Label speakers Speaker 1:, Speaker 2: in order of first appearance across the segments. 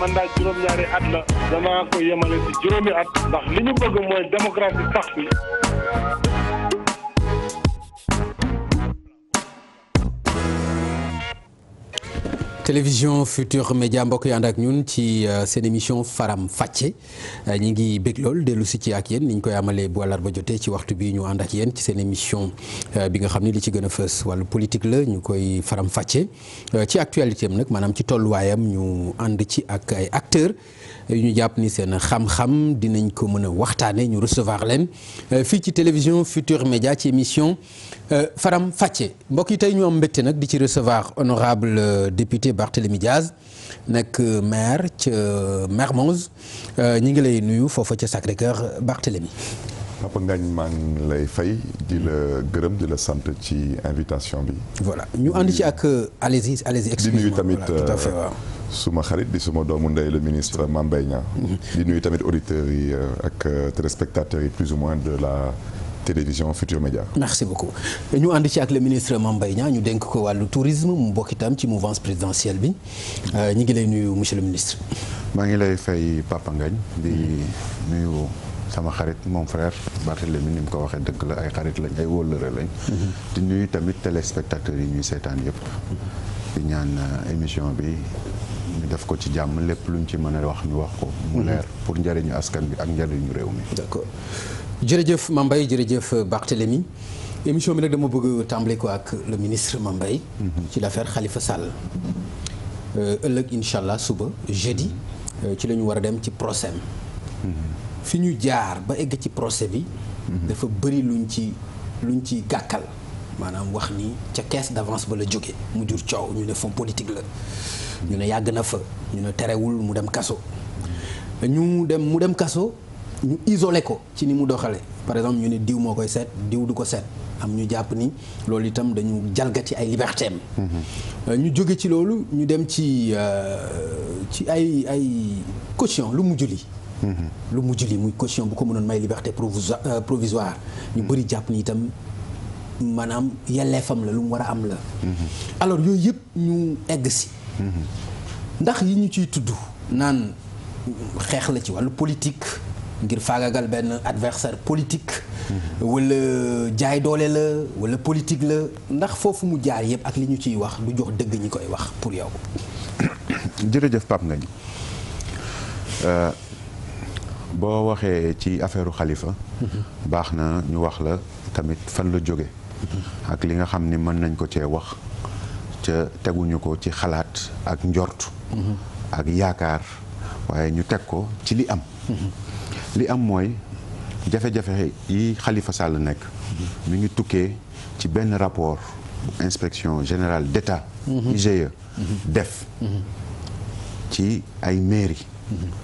Speaker 1: mandat juróom-ñaari at la danaa ko yemale ci juróomi at ndax li ñu bëgg mooy démocratie
Speaker 2: sax fi
Speaker 3: télévision Futur Média mbokk yi ànd ak ñun ci euh, seen émission Faram Facce euh, ñi ngi bég lool dellu si ci ak yéen ni ñu koy amalee bu àllarba jotee ci waxtu bi ñu ànd ak yéen ci seen émission euh, bi nga xam ne li ci gën a fës wàllu politique la ñu koy Faram Facce ci actualité am nag maanaam ci tolluwaayam ñu ànd ci ak ay acteur yu ñu jàpp ni seen xam-xam dinañ ko mën a waxtaane ñu recevoir leen euh, fii ci télévision Futur Média ci émission euh, Faram Facce mbokk yi tey ñu am mbégte nag di ci recevoir honorable euh, député Barthélémy Diaz nag maire ca Mermoz ñu ngi lay nuyu foofa ca Sacré-Cœur Barthélémy
Speaker 4: Papa Ngagne maa lay fay di la gërëm di la sant ci invitation bi.
Speaker 3: voilà ñu ànd ci ak allez-y allez-y.
Speaker 4: suma xarit di suma doomu ndey le ministre Mame Mbaye Niang di nuyu tamit auditeurs yi euh, ak euh, téléspectateurs yi plus ou moins de la télévision Futur Média.
Speaker 3: merci beaucoup ñu ànd ci ak le ministre Mame Mbaye ñu dénk ko wàllu tourisme mu bokk itam ci mouvance présidentielle bi euh, ñu ngi lay nuyu monsieur le ministre.
Speaker 1: maa ngi lay fay Papa di nuyu. sama xarit mon frère Barthélémy ni mu ko waxee dëkk la ay xarit lañ ay wóllëre lañ mhm. di nuyu tamit téléspectateurs yi ñuy seetaan yëpp émission bi ñu def ko ci jàmm lépp luñ ci mën a wax ñu wax ko. mu mhm. leer pour njëriñu askan bi ak njëriñu réew mi. d'accord
Speaker 3: jërëjëf Mame Mbaye jërëjëf Barthélémy émission bi nag dama bëgg tàmbali ko ak le ministre Mame Mbaye mhm. ci l'affaire Khalifa Sall. Euh, ëllëg incha allah suba jeudi euh, ci la ñu war a dem ci procès mhm. fi ñu jaar ba egg ci procès bi. dafa bëri luñ ci lu luñ ci gàkkal maanaam wax ni ca caisse d'avance ba la jóge mu jur coow ñu ne fonds politique la. ñu ne yàgg na fa ñu ne terewul mu dem kaso ñu dem mu dem kaso ñu isolé ko ci ni mu doxale par exemple ñu ne diw moo koy seet diw du ko seet am ñu jàpp ni loolu itam dañu jalgati ay liberté
Speaker 2: mm-hmm.
Speaker 3: ñu jóge ci loolu ñu dem ci euh, ci ay ay caution lu mujj li mm-hmm. lu mujj li muy caution bu ko mënoon may liberté euh, provisoire ñu bëri jàpp ni itam maanaam yelleefam la lu mu war a am la
Speaker 2: mm-hmm.
Speaker 3: alors yooyu yëpp ñu egg si ndax li ñu ciy tudd naan xeex la ci wàllu politique ngir faagagal benn adversaire politique wala jaay doole la wala politique la ndax foofu mu jaar yëpp ak li ñu ciy wax du jox dëgg ñi koy wax pour yow
Speaker 1: jërëjëf Pape Ngagne euh, boo waxee ci affaire Khalifa mhm. baax na ñu wax la tamit fan la jóge mhm. ak li nga xam ni mën nañ ko cee wax ca teguñu ko ci xalaat ak njort mm-hmm. ak yaakaar waaye ñu teg ko ci li am mm-hmm. li am mooy jafe-jafe yi xalifa Sall nekk mm-hmm. mi ngi tukkee ci benn rapport inspection générale d'État IGE ci ay mairie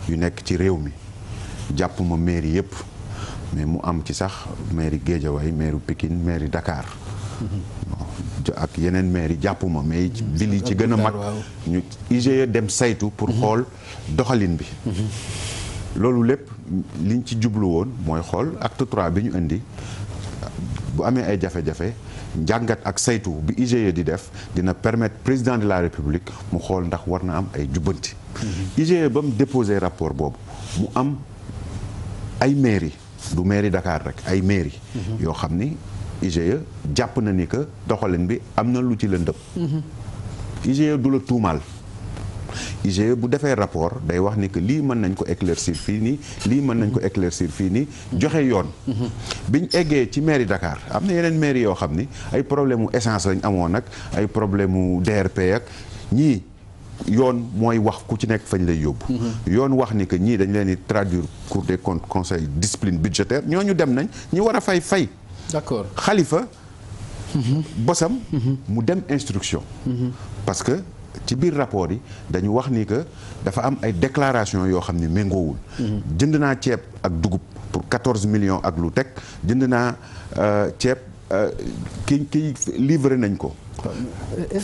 Speaker 1: yu nekk ci réew mi jàpp ma mairie yëpp mais mu am ci sax mairie Guédiawaye mairie Pikine mairie dakaar ak yeneen maire yi jàpp ma mais ville yi ci gën a mag ñu IGE dem saytu pour xool doxalin bi loolu lépp liñ ci jublu woon mooy xool acte trois bi ñu indi bu amee ay jafe-jafe njàngat ak saytu bi IGE di def dina permettre président de la république mu xool ndax war na am ay jubbanti IGE ba mu déposé rapport boobu mu am ay mairie du mairie Dakar rek ay mairie mhm. yoo xam ni IGE jàpp na ni que doxalin bi am na lu ci lëndëm. Mhm. IGE du la tuumaal. IGE bu defee rapport day wax ni que lii mën nañ ko éclaircir fii nii lii mën nañ ko mhm. éclaircir fii nii mhm. joxe yoon. biñ eggee ci mairie Dakar am na yeneen mairie yoo xam ni ay problème mu essence lañ amoon ak ay problème mu DRP ak ñii. yoon mooy wax ku ci nekk fañ lay yóbbu yoon wax ni que ñii dañ leen di traduire cour des comptes conseil discipline budgétaire ñooñu dem nañ ñi war a fay fay d'accord xalifa mhm. bosam mhm. mu dem instruction mhm. parce que ci biir rapport yi dañu wax ni que dafa am ay déclaration yoo xam ni méngoowul jënd naa ceeb ak dugub pour quatorze millions ak lu teg jënd naa euh, ceeb euh, ki ki livré nañ ko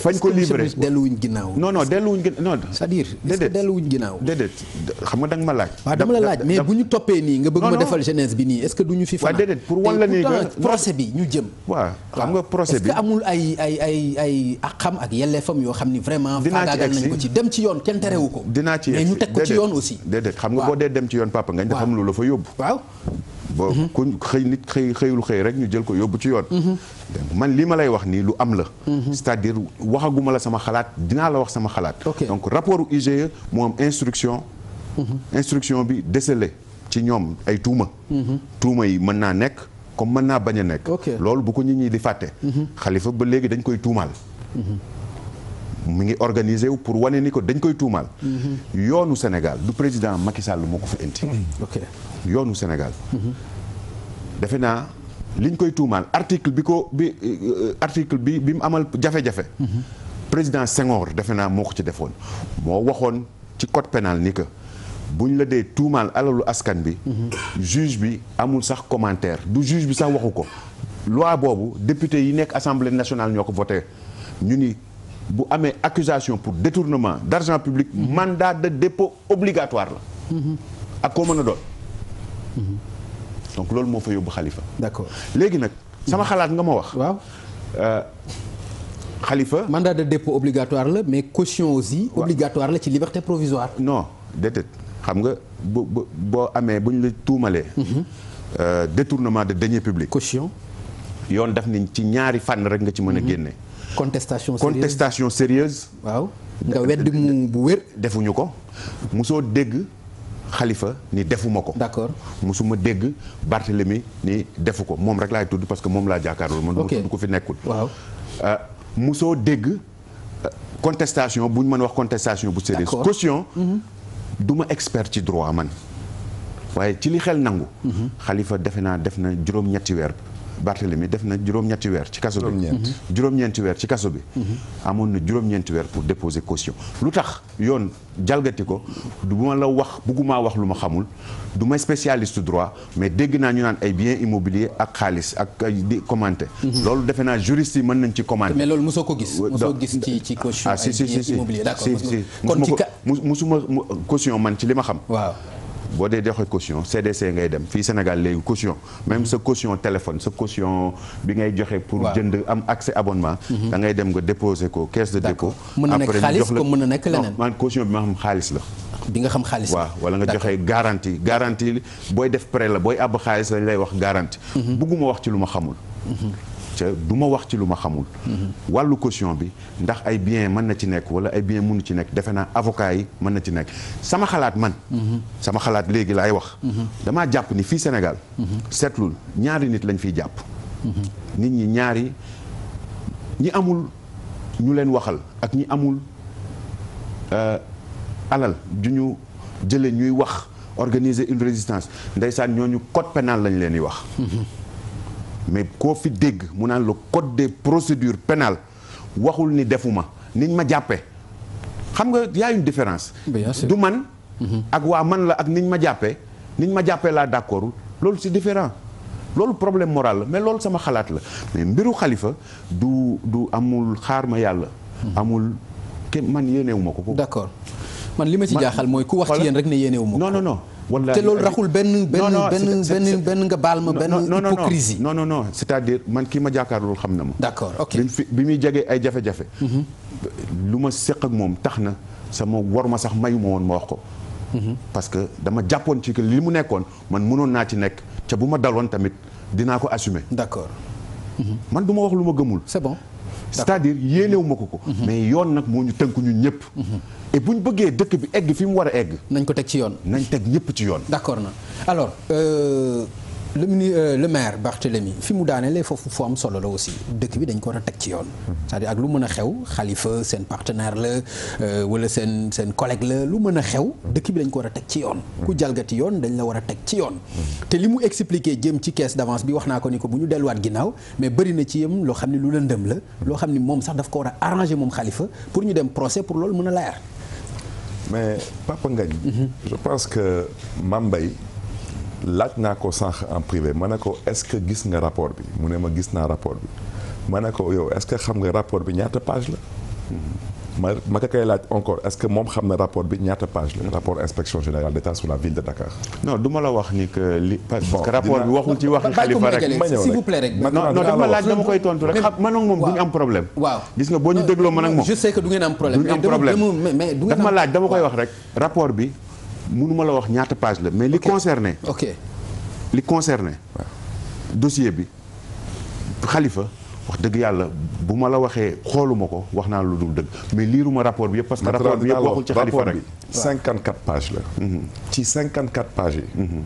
Speaker 2: fañ ko livré delluwuñ
Speaker 3: ginnaaw.
Speaker 1: non non delluwuñ ginnaaw non. c'est-à-dire est-ce que delluwuñ ginnaaw.
Speaker 3: déedéet xam nga da nga ma laaj. waaw dama la laaj mais bu ñu toppee nii nga bëgg ma defal jeunesse bi nii est-ce que du ñu fi. fanaan déedéet pour wan la ni procès bi ñu jëm. waaw xam nga procès bi est-ce que amul ay ay ay ay ak xam ak yelleefam yoo xam ni vraiment. faagaagal nañ ko ci
Speaker 1: dem ci yoon kenn terewu ko. dinaa ci egg mais ñu teg ko ci yoon aussi. déedéet xam nga boo dee dem ci yoon papa ngañ dafa am lu la fa yóbbu. waaw ba mhm. ku xëy nit xëy xëyul xëy rek ñu jël ko yóbbu ci yoon mhm. man lii ma lay wax nii lu am la mhm. cest à waxaguma la sama xalaat dinaa la wax sama xalaat donc rapport IGE moo am instruction instruction bi décelé ci ñoom ay tuuma tuuma yi mën naa nekk comme mën naa bañ a nekk loolu bu ko nit ñi di fàtte xalifa ba léegi dañ koy tuumaal mu ngi organisé wu pour wane ni ko dañ koy tuumaal yoonu Sénégal du président Macky Sall moo ko fa indi yoonu Sénégal defe naa liñ koy tuumaal article bi ko bi euh, article bi bi mu amal jafe-jafe président Senghor defe naa moo ko ci defoon moo waxoon ci code pénal ni que buñ la dee tuumaal alalu askan bi juge bi amul sax commentaire bu juge bi sax waxu ko loi boobu député yi nekk assemblée nationale ñoo ko voté ñu ni bu amee accusation pour détournement d'argent public mandat de dépôt obligatoire la ak koo mën a doon donc loolu moo fa yóbbu xalifa. d'accord léegi nag. sama xalaat nga ma wax. waaw. xalifa euh, mandat de dépôt obligatoire la mais caution aussi. obligatoire la ci liberté provisoire. non déedéet xam nga bu boo amee bu ñu la tuumalee. Mhm. Euh, détournement de deniers publics. caution. yoon daf ni ci ñaari fànn rek nga ci mën a mhm. génne.
Speaker 3: contestation sérieuse contestation
Speaker 1: sérieuse. waaw nga weddi mu bu wér. defuñu ko mosoo dégg. xalifa ni defuma ko. d'accord musuma dégg Barthélemy ni defu ko moom rek laay tudd parce que moom laa jàkkaarloo. man du ma tudd ko fi nekkul. waaw euh, musoo dégg euh, contestation bu ñu mën wax contestation bu sérieuse. caution. Mhm. du ma expert ci droit man. waaye ci li xel nangu. Mhm. xalifa defe naa def na juróom-ñetti weer. Barthélemy def na juróom-ñetti weer ci kaso bi juróom mhm. weer ci kaso bi mhm. amoon na juróom-ñeenti weer pour déposer caution lu tax yoon jalgati ko du ma la wax bëggumaa wax lu ma xamul du may spécialiste droit mais dégg naa ñu naan ay biens immobiliers ak xaalis ak di commenter mhm. loolu defe naa juriste yi mën nañ ci commenter mais loolu mosoo ko gis euh, mosoo gis ci ci caution ah, ay biens immobiliers d'accord kon ci musuma caution man ci li ma xam boo dee joxe caution CDC ngay dem fii Sénégal léegi caution même sa caution téléphone sa caution bi ngay joxe. pour jënd am accès abonnement. Mhm. da ngay dem nga déposer ko caisse de dépôt. mën na nekk xaalis comme na nekk leneen man caution bi la. bi nga xam xaalis waaw wala nga joxe garantie garantie booy def prêt la booy àbb xaalis lañu lay wax garantie. Mhm. bugguma wax ci lu ma xamul. Mhm. ca du ma wax ci lu ma xamul. Mhm. wàllu caution bi ndax ay bien mën na ci nekk wala ay bien mënu ci nekk defe naa avocat mën na ci nekk sama xalaat man. Mhm. sama xalaat léegi laay wax. Mhm. damaa jàpp ni fii Sénégal. seetlul ñaari nit lañ fiy jàpp. nit ñi ñaari ñi amul ñu leen waxal ak ñi amul euh, alal ju ñu jëlee ñuy wax organiser une résistance ndeysaan ñooñu code pénal lañ leen di wax. mais koo fi dégg mu naan le code de procédure penal waxul ni defuma niñ ma jàppee xam nga y a une différence. du man. Mhm. ak waa man la ak niñ ma jàppee niñ ma jàppee laa d'accord loolu si différent loolu problème moral la mais loolu sama xalaat la mais mbiru xalifa du du amul xaar ma yàlla. Mhm. amul kenn man yéenewu ma ko. d'accord man li ma ci jaaxal mooy ku wax ci yéen rek ne yéenewu ma ko. no non non. wala te loolu raxul benn benn benn benn benn nga baal ma benn hypocrisie non non non c'est-à-dire man kii ma jàkkaar loolu xam na ma d'accord ok bi muy jegee ay jafe-jafe mhm. lu ma séq ak moom tax na sama war ma sax mayu ma woon ma wax ko mhm. parce que dama jàppoon ci que li mu nekkoon man mënoon naa ci nekk ca bu ma daloon tamit dinaa ko assumer d'accord mhm. man du ma wax lu ma gëmul c'est bon cest à yéenewu ma ko ko mhm. Mhm. mais yoon nag moo ñu tënk ñun ñëpp mhm. et bu ñu bëggee dëkk bi egg fi mu war a egg nañ ko teg ci yoon nañ teg ñëpp ci yoon d'accord na
Speaker 3: alors euh... le mini euh, le maire Barthélémy fi mu daanelee foofu foo am solo la aussi dëkk bi dañ ko war a teg ci yoon. cest à ak lu mën a xew xalifa seen partenaire la euh, wala seen seen collègue la lu mën a xew dëkk bi dañ ko war a teg ci yoon. ku jalgati yoon dañ la war a teg ci yoon. te li mu expliqué jëm ci caisse d'avance bi wax naa ko ni ko bu ñu delluwaat ginnaaw mais bëri ci yëm loo xam ne lu lëndëm la. loo xam ne moom sax daf ko war a arrangé moom xalifa pour ñu dem procès pour loolu mën a leer.
Speaker 4: mais Papa Ngagne. Mhm. je pense laaj naa ko sànq en privé ma ne ko que gis nga rapport bi mu ne ma gis naa rapport bi ma ko yow est-ce que xam nga rapport bi ñaata page la ma ma ko laaj encore est moom xam na rapport bi ñaata page la rapport inspection générale d'État sur la ville de Dakar.
Speaker 1: non du la wax ni que li. parce que rapport bi waxul ci waxi xalifa rek ma s'il vous laaj dama koy tontu rek man ak moom du am problème. waaw gis boo ñu dégloo man ak moom. je sais que du ngeen am laaj dama koy wax rek rapport bi. mënuma la wax ñaata page la mais li concerné ok li concerné dossier bi xalifa wax dëgg yàlla bu ma la waxee xooluma ko wax naa lu dul dëgg mais liiruma rapport bi yëpp parce que rapport bi yëpp waxul ci xalifa rek 54
Speaker 4: pages la mhm. ci 54 pages yi mhm.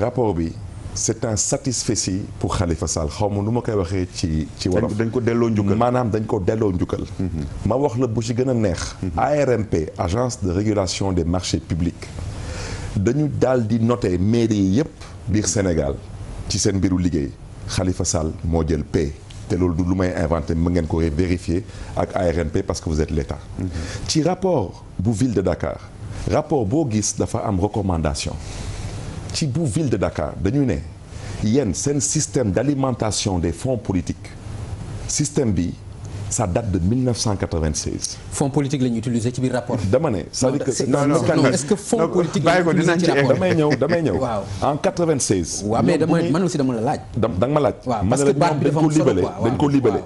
Speaker 4: rapport bi c'est un satisfecit pour xalifa Sall xaw ma nu ma koy waxee ci ci wolof dañ ko delloo njukkal maanaam dañ ko delloo njukkal mhm. ma wax la bu ci gën a neex ARMP agence de régulation des marché publics dañu daal di noté mairie yi yëpp biir Sénégal ci seen mbiru liggéey Khalifa Sall moo jël P te loolu lu may invanté mën ngeen ko vérifier ak ARMP parce que vous êtes l'État mhm. ci rapport bu ville de Dakar rapport boo gis dafa am recommandation ci bu ville de Dakar dañu ne yéen seen système d'alimentation des fonds politiques système bi ça date de 1996. fonds politique la ñu utilisé ci biir rapport. dama ne c'est-à-dire que non non non est-ce que fonds politique la ñu utilisé ci rapport damay en 96. waaw mais dama man aussi dama la ma laaj. waaw parce que baat solo quoi dañ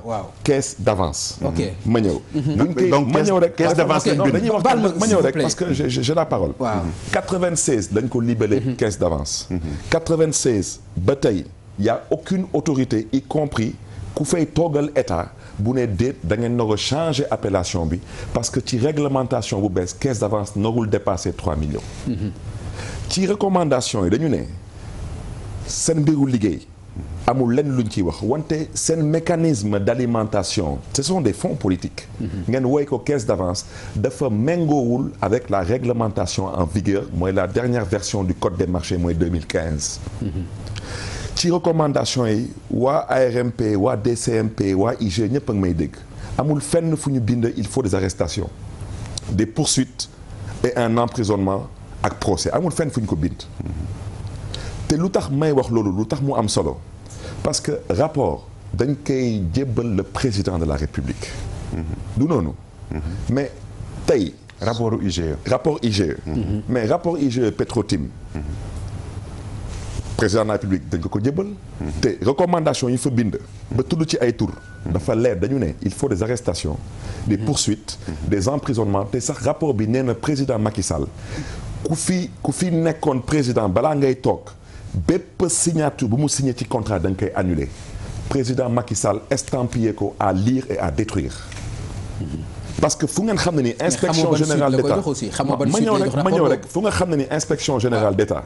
Speaker 4: caisse d'avance. ok mhm. mhm. Mhm. donc ma rek wax ma ñëw rek parce que j'ai la parole. waaw 96 dañ ko libellé. caisse d'avance. 96 ba tey y a aucune autorité y compris ku fay toogal état. bu ne déet da ngeen nar a changer bi parce que ci réglementation bu bees caisse d'avance narul dépasser 3 millions. Mm-hmm. ci recommandation yi dañu ne seen mbiru liggéey. amul lenn luñ ciy wax wante seen mécanisme d'alimentation ce son des fonds politiques mm-hmm. ngeen wooy ko caisse d'avance dafa méngoowul avec la réglementation en vigueur mooy la dernière version du code des marchés mooy 2015 ci recommandation yi waa ARMP waa DCMP waa IG ñëpp a may dégg amul fenn fu ñu bind il faut des arrestations des poursuites et un emprisonnement ak procès amul fenn fu ñu ko bind te lu tax may wax loolu lu tax mu am solo parce que rapport dañ koy jébbal le président de la république du noonu mais tey rapport IGE rapport IGE mm-hmm. mais rapport IGE Petrotim mm-hmm. président de la république dañ ko ko jëbal te recommandation yi fa bind ba tudd ci ay tur dafa leer dañu ne il faut des arrestations des mm. poursuites mm. des emprisonnements te sax rapport bi nee na président Macky Sall ku fi ku fi nekkoon président balaa ngay toog bépp signature bu mu signé ci contrat dañ koy annulé président Macky Sall estampillé ko à liir et à détruire mm-hmm. parce que fu ngeen xam ne ni inspection générale d'état ma ñëw rek ma ñëw rek fu nga xam ne ni inspection générale d'état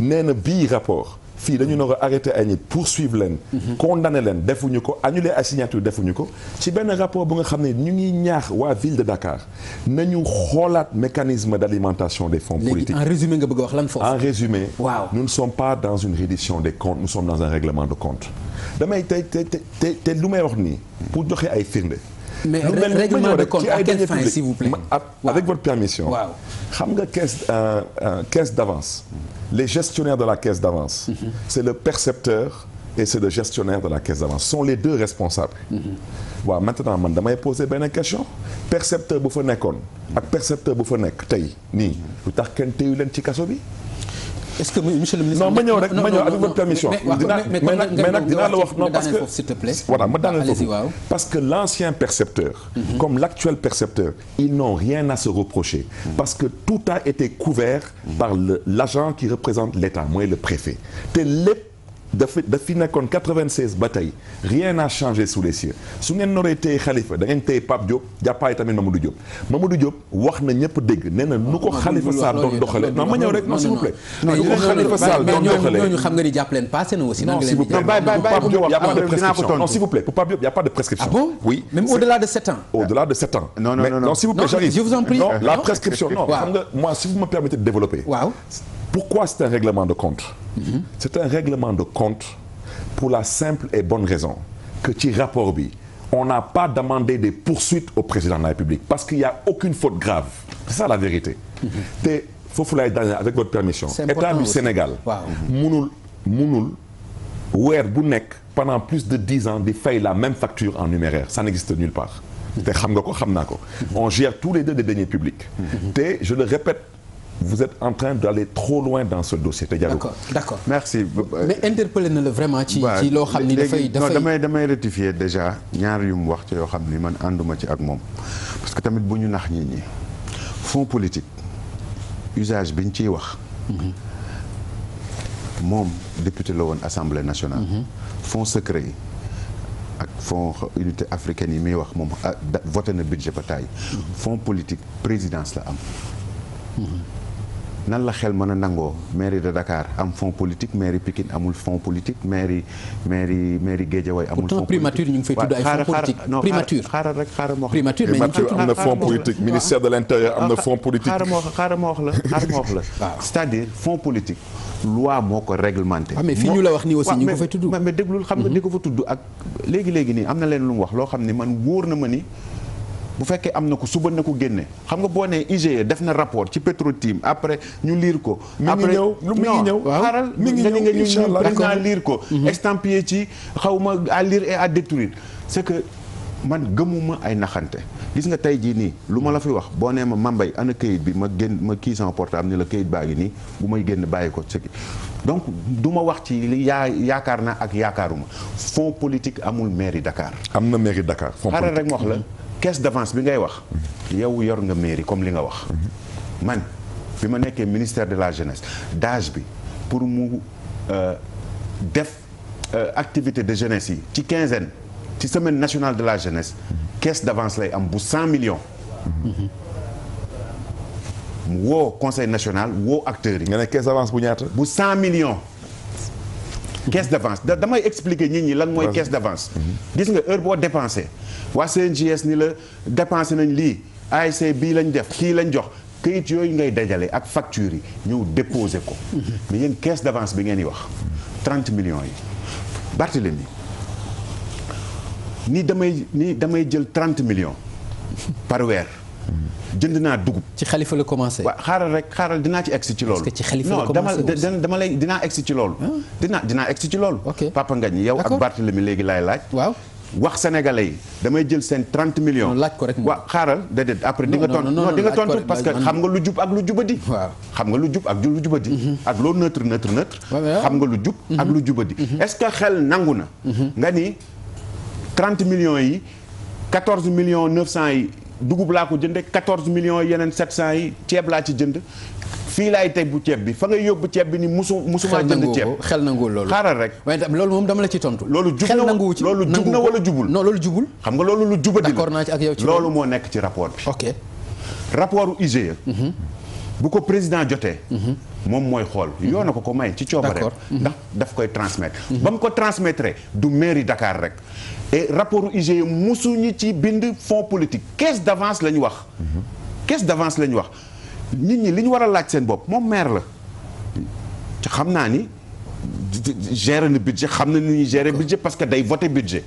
Speaker 4: nee na bii rapport fii dañu nar a ay nit poursuivre leen mhm. condamné leen defuñu ko annulé ay signature ñu ko ci benn rapport bu nga xam ne ñu ngi ñaax waa ville de Dakar nañu xoolaat mécanisme d'alimentation des fonds politiques en résumé nga bëgg wax lan foofu en résumé waaw nous ne sommes pas dans une reddition des comptes nous sommes dans un règlement de compte damay tey te te te lu may wax nii pour joxe ay firnde
Speaker 3: mais règlement de compte à quelle fin s'il vous
Speaker 4: plaît avec votre permission waaw xam nga euh, euh, caisse d'avance les gestionnaires de la caisse d'avance mm-hmm. c'est le percepteur et c'est le gestionnaire de la caisse d'avance sont les deux responsables mm-hmm. waaw maintenant man damay poser benn question percepteur bu fa nekkoon ak percepteur bu fa nekk tey nii lu tax kenn leen ci kaso bi est ce que monsieur le ministre. non ma ñëw rek ma ñëw avec votre permission. mais nag dinaa la wax non parce que s'il te plaît. voilà ma daaneel foofu parce que l' ancien percepteur. Mhm. comme l' actuel percepteur. ils n'ont rien à se reprocher. Mhm. parce que tout a été couvert mhm. par le l' agent qui représente l' État mooy le préfet te lépp. dafa daf fi nekkoon 96 ba tey rien n'a changé sous les cieux su ngeen noree tey Khalifa da ngeen tey Pape Diop jàppaay tamit Mamadou Diop Mamadou Diop wax na ñëpp dégg nee na Khalifa Sall doon doxale non ma ñëw rek non s'il vous plaît nu ko Khalifa Sall doon doxale
Speaker 3: a pas de prescription non s'il
Speaker 4: vous plaît pour Pape Diop y a pas de prescription ah oui même au-delà de 7 ans au-delà de 7 ans non si vous me permettez de développer pourquoi c'est un règlement de compte mm de compte pour la simple et bonne raison que ci rapport bi on n'a pas demandé des poursuites au président de la République parce qu'il y a aucune faute grave c'est ça la vérité mhm. te foofu lay daane avec votre permission état du Sénégal munul munul weer bu nekk pendant plus de dix ans di fay la même facture en numéraire ça n'existe nulle part te xam ko xam naa ko mhm. on gère tous les deux des deniers publics mhm. te je le répète vous êtes en
Speaker 1: train d'aller trop loin dans ce dossier te Diallo. d'accord d'accord merci. mais na la vraiment. ci ci loo xam ni dafay dafay non damay damay rectifier déjà ñaar yu mu wax ci yoo xam ni man ànduma ci ak moom parce que tamit bu ñu nax nit ñi fonds politique usage bi ñu ciy wax. moom député la woon assemblée nationale. Mhm. fonds secret yi ak fonds unité africaine yi muy wax moom ah, voté na budget ba taay. Mhm. fonds politique présidence la am. Mhm. nan la xel mën a nangoo mairie de Dakar am fonds politique mairie Pikine amul fonds politique mairie mairie mairie Guédiawaye amul fonds primature ñu ngi fay tudd ay fonds politique primature xaaral rek xaaral ma wax primature am na fonds politique ministère de l'intérieur am na ah, fonds politique xaaral ma wax xaaral ma wax la xaaral ma wax la c'est-à-dire fonds politique loi moo ko réglementé ah, mais fii ñu la wax nii aussi ñu ngi ko fay tudd mais déglul xam nga ni mhm. ko fa tudd ak léegi léegi nii am na leen lu mu wax loo xam ne man wóor na ma ni bu fekkee am na ko suba na ku génne xam nga boo nee IGE def na rapport ci Petrotim après ñu liir ko. après mi ngi ñëw xaaral mi ngi ñëw incha allah président liir ko. Mhm. estampillé ci xaw ma à lire et à que. man gëmuma ay naxante gis nga tey jii nii lu ma la fi wax boo nee ma mambay ana kayit bi ma génn ma kii sama portable ni la kayit baa ngi nii bu may génn bàyyi ko ci donc du ma wax ci yaa yaakaar naa ak yaakaaruma fonds politique amul mairie Dakar. am na mairie Dakar fonds politique rek wax la. Mhm. caisse d'avance bi ngay wax yow yor nga mairie comme li nga wax man fi ma nekkee ministère de la jeunesse DAGE bi pour mu euh, def euh, activité de jeunesse yi ci quinzaine ci semaine national de la jeunesse caisse d'avance lay am bu cent millions woo conseil national woo acteur yi. nga ne caisse d'avance bu ñaata. bu cent million caisse d' avance da damay expliquer nit ñi lan mooy caisse d' avance. gis nga heure boo dépensé waa CNJS ni la dépensé nañ lii ASC bii lañ def kii lañ jox këyit yooyu ngay dajale ak facture yi ñëw déposé ko. mais yéen caisse d' bi ngeen di wax 30 million yi Barthélemy ni damay nii damay jël 30 million par weer. jënd naa dugub. ci xalifa la commencé. waaw xaaral rek xaaral dinaa ci egsi ci loolu. ci xalifa la commencé non dama dama lay dinaa egsi ci loolu. Ah. dinaa dinaa egsi ci loolu. Papa Ngagne yow ak Barthélemy léegi laay laaj. waaw wax sénégalais yi damay jël seen 30 million laaj ko rek moom waaw xaaral déedéet après. di nga tontu non di que xam nga lu jub ak lu jubadi. lu jub ak lu jubadi. ak loo neutre neutre neutre. Ah. xam nga lu jub ak mhm. lu jubadi. Mhm. est que xel nangu na. Mhm. nga ni 30 millions yi million millions cent yi dugub laa ko jënde 14 millions yeneen 700 yi ceeb laa ci jënd fii laay teg bu ceeb bi fa ngay yóbbu ceeb bi ni musu musuma jënd ceeb xel na nanguwul loolu xaaral rek waaye loolu moom dama la ci tontu loolu jub na loolu jub na wala jubul non loolu jubul xam nga loolu lu jubadi d'accord loolu moo nekk ci rapport bi ok rapport u IGE mm-hmm. bu ko président jotee mm-hmm. moom mooy xool mhm. yoo ko ko may ci coobare ndax mhm. daf koy transmettre mhm. ba mu ko transmettre du mairie dakaar rek et rapport IGE musuñu ci bind fonds politique caisse d'avance la ñu wax caisse d'avance la ñu wax nit ñi li ñu war a laaj seen bopp moom maire la xam naa ni gérer na budget xam na ni gere gérer budget parce que day voter budget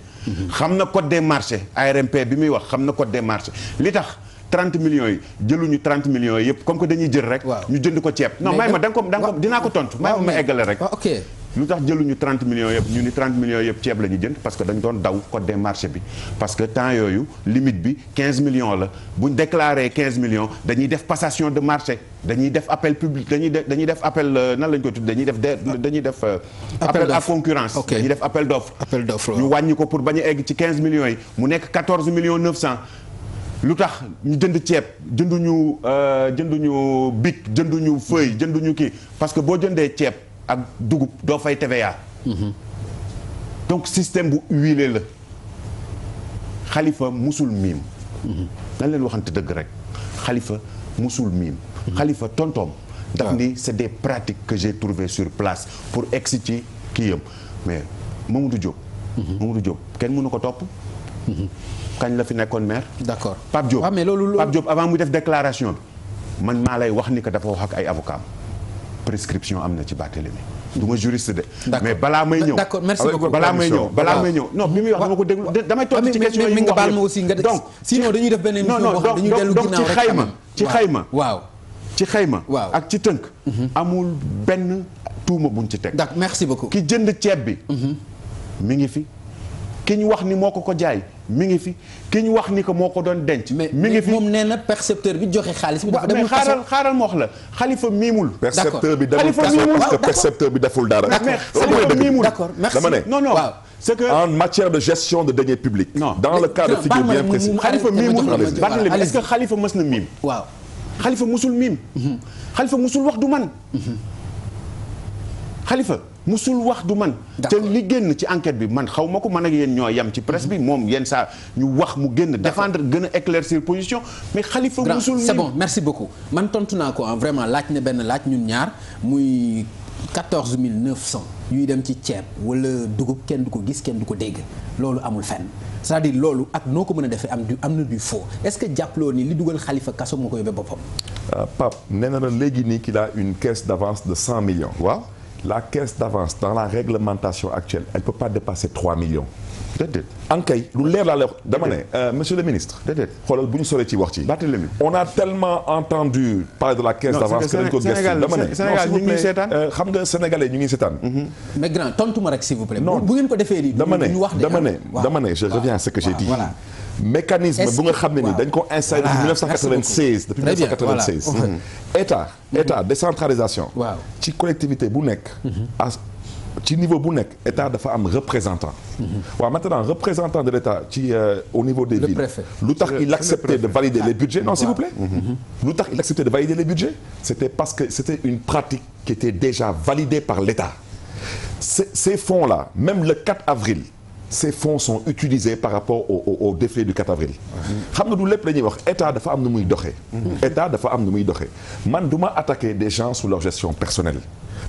Speaker 1: xam na code des marchés ARMP bi muy wax xam na code de marchés li tax 30 millions yi jëluñu 30 millions yi yëpp comme que dañuy jël rek. ñu jënd ko ceeb. non may ma da nga ko da nga ko dinaa ko tontu. may ma ma eggale rek. lu tax jëluñu 30 millions yëpp ñu ni 30 millions yëpp ceeb la ñu jënd parce que dañ doon daw code des marchés bi. parce que temps yooyu limite bi 15 millions la buñ déclaré 15 millions dañuy def passation de marché dañuy def appel public dañuy def dañuy def appel euh, nan lañ ko tudd dañuy def euh, dañuy def. appel à concurrence dañuy def appel ko pour bañ a egg ci 15 millions yi mu nekk 14 millions lu tax ñu jënd ceeb jënduñu euh, jënduñu bic jënduñu feuille jënduñu kii parce que boo jëndee ceeb ak dugub doo fay TVA. Mhm. donc système bu huilé la xalifa musul miim. Mhm. nan leen waxante dëgg rek xalifa musul miim. xalifa mhm. tonton daf ah. ni c'est des pratiques que j'ai trouvées sur place pour egsi ci kii yam mais Mamadou Diop. Mamadou Diop kenn mënu ko topp. kañ la fi nekkoon maire. d'accord Pape Diop waaw mais loolu Pape Diop avant muy def déclaration bi man maa lay wax ni ko dafa wax ak ay avocats prescription am na ci Barthélémy du ma juriste de. mais balaa may ñëw d'accord merci ah beaucoup balaa may ñëw balaa may ñëw non bi muy wax dama ko déglu damay toog ah, ci question yi mu wax yëpp mi nga baal ma aussi nga donc sinon xayma ci xayma waaw ak ci tënk mhm. amul benn tuuma buñ ci teg d'accord merci beaucoup ki jënd ceeb bi mhm. mi ngi fi ki ñu wax ni moo ko ko jaay mi ngi fi ki ñu wax ni ko moo ko doon denc. mi ngi fi moom nee na percepteur bi joxe xaalis bi. dafa demul xaaral xaaral ma wax la xalifa miimul.
Speaker 4: percepteur bi demul kaso parce que bi deful dara. mais xalifa miimul
Speaker 1: d'accord merci dama ne non non.
Speaker 4: c'est que en matière de gestion de deniers publics. non dans le cas de figure bien précis. xalifa miimul Barthélémy est-ce que
Speaker 1: xalifa mës na miim. waaw xalifa musul miim. Mhm. xalifa musul wax du man. Mhm. xalifa. musul wax du man te li génn ci enquête bi man xaw ko man ak yéen ñoo yem ci presse bi mm-hmm. moom yenn saa ñu wax mu génn défendre gën a éclaircir position mais Khalifa musul c'est bon merci beaucoup man tontu naa ko vraiment laaj na benn laaj ñun
Speaker 3: ñaar muy 14900 yuy dem ci ceeb wala dugub kenn du ko gis kenn du ko dégg loolu amul fenn sa à dire loolu ak noo ko mën a defee am am na duy faux est-ce que jàppaloo nii li dugal xalifa kaso moo ko yóbbee boppam.
Speaker 4: Euh, Pape nee na la léegi nii qu'il a une caisse de 100 millions waaw. la caisse d'avance dans la réglementation actuelle elle peut pas dépasser 3 millions. en ankay lu leer laa lay wax dama euh, monsieur le ministre. bu on a tellement entendu parler de la caisse d'avance que dañ ne Sénégal ñu ngi seetaan euh, xam nga sénégalais ñu mm-hmm. mais grand tontu ma rek s'il vous plaît. non bu ngeen ko defee nii. dama ne dama ne dama ne je reviens à ce que j'ai dit. mécanisme bu nga xam ne ni dañ ko installé ah, depuis 1996 depuis 1996 hmm. état état hmm. décentralisation ci collectivité bu nekk hmm. ci niveau bu nekk état dafa am représentant waaw maintenant représentant de l'état ci euh, au niveau des villes lu tax il acceptait de valider les budgets non s'il vous plaît lu tax il acceptait de valider les budgets c'était que c'était une pratique qui était déjà validée par l'état ces fonds là même le 4 avril ces fonds sont utilisés par rapport au au, défilé du avril. xam nga du lépp la ñuy wax état dafa am nu muy doxee. état am nu muy doxee man du ma attaquer des gens sous leur gestion personnelle.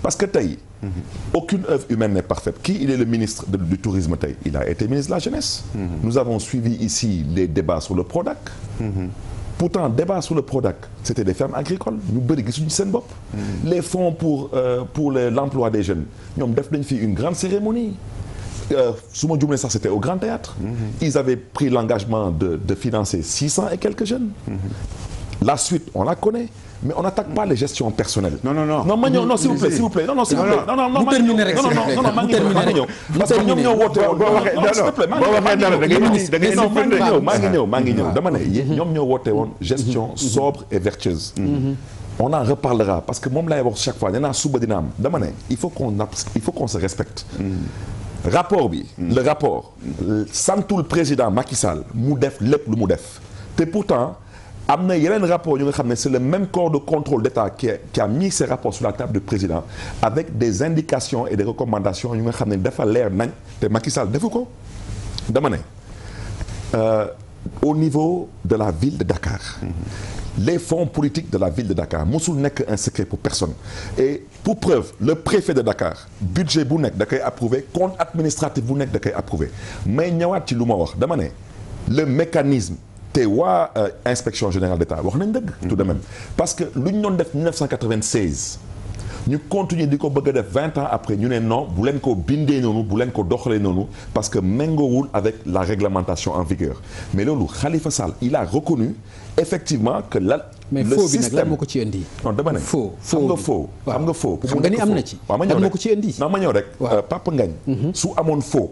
Speaker 4: parce que tey. aucune œuvre humaine n'est parfaite qui il est le ministre de, du tourisme tey il a été ministre de la jeunesse. nous avons suivi ici les débats sur le Prodac. pourtant débat sur le Prodac c'était des fermes agricoles ñu bëri gisuñu seen bopp. les fonds pour euh, pour l'emploi des jeunes ñoom def nañ fi une grande cérémonie. Euh, su ma jumlee sax c'était au Grand Théâtre mhm. ils avaient pris l'engagement de de financer six cents et quelques jeunes mhm. la suite on la connaît mais on n'attaque pas les gestions personnelles. non non non non ma ñëw non s'il vous plaît s'il vous plaît non non s'il vous plaît. non non non ma ñëw non non non ma ñëw parce que ah. Ah. Mhm. ñoom ñoo woote woon. non s'il vous plaît maa ngi ñëw maa ngi ñëw maa ngi ñëw dama ne ñoom ñoo woote woon gestion sobre et vertueuse. on en reparlera parce que moom laay wax chaque fois nee naa suba dina am dama ne il faut qu'on il faut qu'on se respecte. rapport bi. Hmm. le rapport. santul président Macky Sall mu def lépp lu mu def. te pourtant am na yeneen rapport yu nga xam ne c'est le même corps de contrôle d'État qui a mis ces rapports sur la table du président avec des indications et des recommandations yu nga xam ne dafa leer nañ te Macky Sall defu ko euh, au niveau de la ville de Dakar. Hmm. les fonds politiques de la ville de Dakar mosul nekk un secret pour personne et pour preuve le préfet de Dakar budget bu nekk da koy approuvé compte administratif bu nekk da koy approuvé mais ñëwaat ci lu ma wax dama ne le mécanisme te waa euh, inspection générale d'État wax nañ dëgg tout de même parce que lu ñu doon def 1996 ñu continuer di ko bëgg def vingt ans après ñu ne non bu leen ko bindee noonu bu leen ko doxalee noonu parce que méngoowul avec la réglementation en vigueur mais loolu Khalifa Sall il a reconnu effectivement que la. mais faux bi nag lan moo
Speaker 3: ko ci indi. non dama ne faux xam nga faux.
Speaker 4: xam nga faux xam nga ni am na ci. waaw ma ñëw rek lan moo ko ci indi. non ma ñëw rek euh, Pape Ngagne. Mhm. su amoon faux.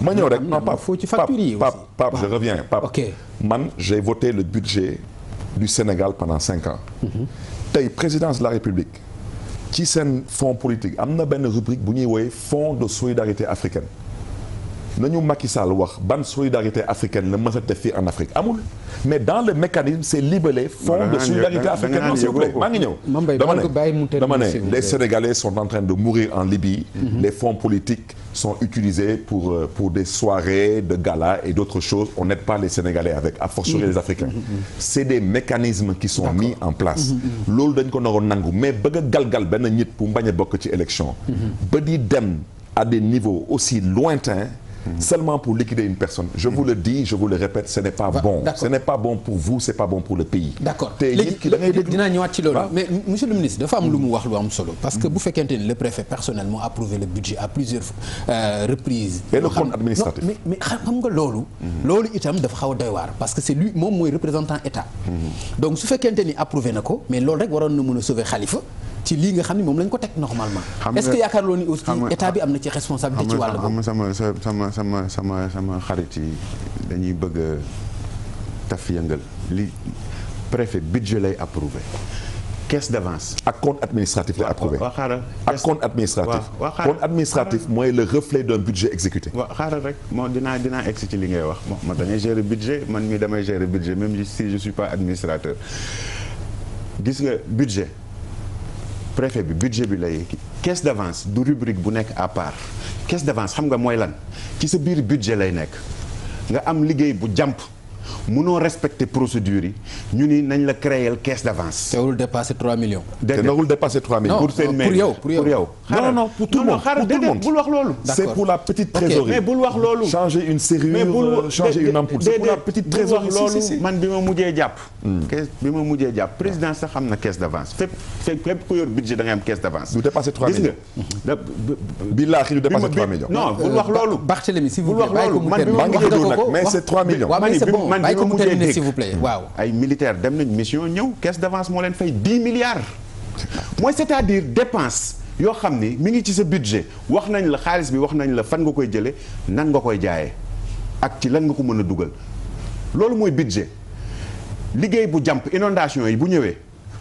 Speaker 4: ma ñëw rek non Pape faux ci facture yi aussi Pape je reviens Pape. ok man j'ai voté le budget du Sénégal pendant cinq ans. Mhm. tey présidence de la République. ci seen fonds politique am na benn rubrique bu ñuy woowee fonds de solidarité africaine. nañu Macky Sall wax ban solidarité africaine la mës a def fii en Afrique amul mais dans le mécanisme c'est libellé fonds de solidarité africaine non s'il vous plaît maa ngi ñëw dama ne dama ne les Sénégalais sont en train de mourir en Libye mhm. les fonds politiques sont utilisés pour euh, pour des soirées de gala et d'autres choses on n'aide pas les Sénégalais avec a fortiori mhm. les Africains mhm. c'est des mécanismes qui sont mis en place loolu dañ ko naroon nangu mais bëgg a galgal benn nit pour mbañ a bokk ci élection ba di dem à des seulement pour liquider une personne je vous le dis je vous le répète ce n'est pas bon ce n'est pas bon pour vous c'est pas bon pour le pays
Speaker 3: d'accord te nit ki da loolu mais monsieur le ministre dafa am lu mu wax lu am solo parce que bu mm-hmm. fekkente le préfet personnellement approuvé le budget à plusieurs euh, reprises mais mais mm-hmm.
Speaker 2: xaw
Speaker 3: a doy waar que c'est lui moom mooy représentant état mm-hmm. donc su fekkente ni approuvé na ko mais loolu rek waroon na mën a sauver Khalifa ci lii nga xam ne moom lañ ko teg normalement. est-ce que yaakaar loo ni aussi état bi am na ci responsabilité. ci wàll boobu
Speaker 1: sama sama sama sama sama xarit yi bi bëgg taf yëngal li préfet budget lay approuvé. caisse ak compte administratif la approuvé ak compte administratif compte administratif mooy le reflet d'un budget exécuté waaw xaaral rek moo dinaa dinaa egsi ci li ngay wax mo man dañuy gérer budget man mii damay gérer budget même si je suis pas administrateur gis nga budget préfet bi budget bi lay caisse d'avance du rubrique bu nekk à part caisse d'avance xam nga mooy lan ci sa biir budget lay nekk nga am liggéey bu jàmp munoo respecter procédure yi ñu ni nañ la créer caisse d'avance. te warul dépasser 3 millions. te warul dépasser 3 millions. pour seen mairie non pour yow pour yow. non non pour tout le monde pour la petite trésorerie. mais bul
Speaker 4: wax loolu. changer une serrure euh, changer une ampoule. c'est pour la petite trésorerie man
Speaker 1: hmm. bi ma mujjee jàpp. président sax xam na caisse d'avance fépp fépp budget da am caisse d'avance. du dépasser 3 millions gis millions. non bul man bi ma mujjee dégg vous plaît waaw ay militaire dem nañ mission ñëw caisse d'avance moo leen fay 10 milliards mooy cest diir dire yoo xam ni mi ngi ci sa budget wax nañ la xaalis bi wax nañ la fan nga koy jëlee nan nga koy jaaye ak ci lan nga ko mën a dugal loolu mooy budget liggéey bu jàmp inondation yi bu ñëwee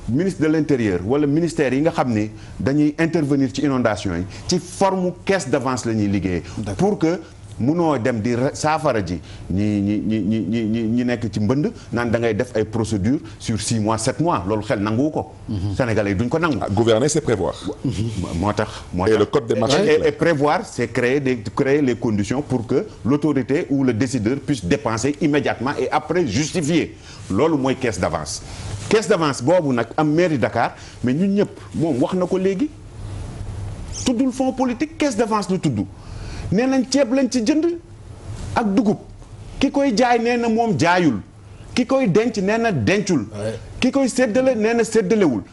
Speaker 1: ministre de l'intérieur wala ministère yi nga xam ni dañuy intervenir ci inondation yi ci forme caisse d'avance la ñuy liggéeyee munoo dem di saafara ji ñi ñi ñi ñi ñi ñi nekk ci mbënd naan da ngay def ay procédure sur six mois sept mois loolu xel nanguwu ko. Mhm. Sénégalais yi duñ ko nangu. Ah, gouverner c'est prévoir. moo tax moo tax et le code des marchés et prévoir c'est créer des créer les conditions pour que l'autorité ou le décideur puisse dépenser immédiatement et après justifier loolu mooy caisse d'avance. caisse d'avance boobu nag am mairie Dakar mais ñu ñëpp moom wax na ko léegi tuddul fonds politique caisse d'avance lu tudd. nee nañ ceeb lañ ci jënd ak dugub ki koy jaay nee na moom jaayul ki koy denc nee na dencul ki koy séddale nee na séddalewul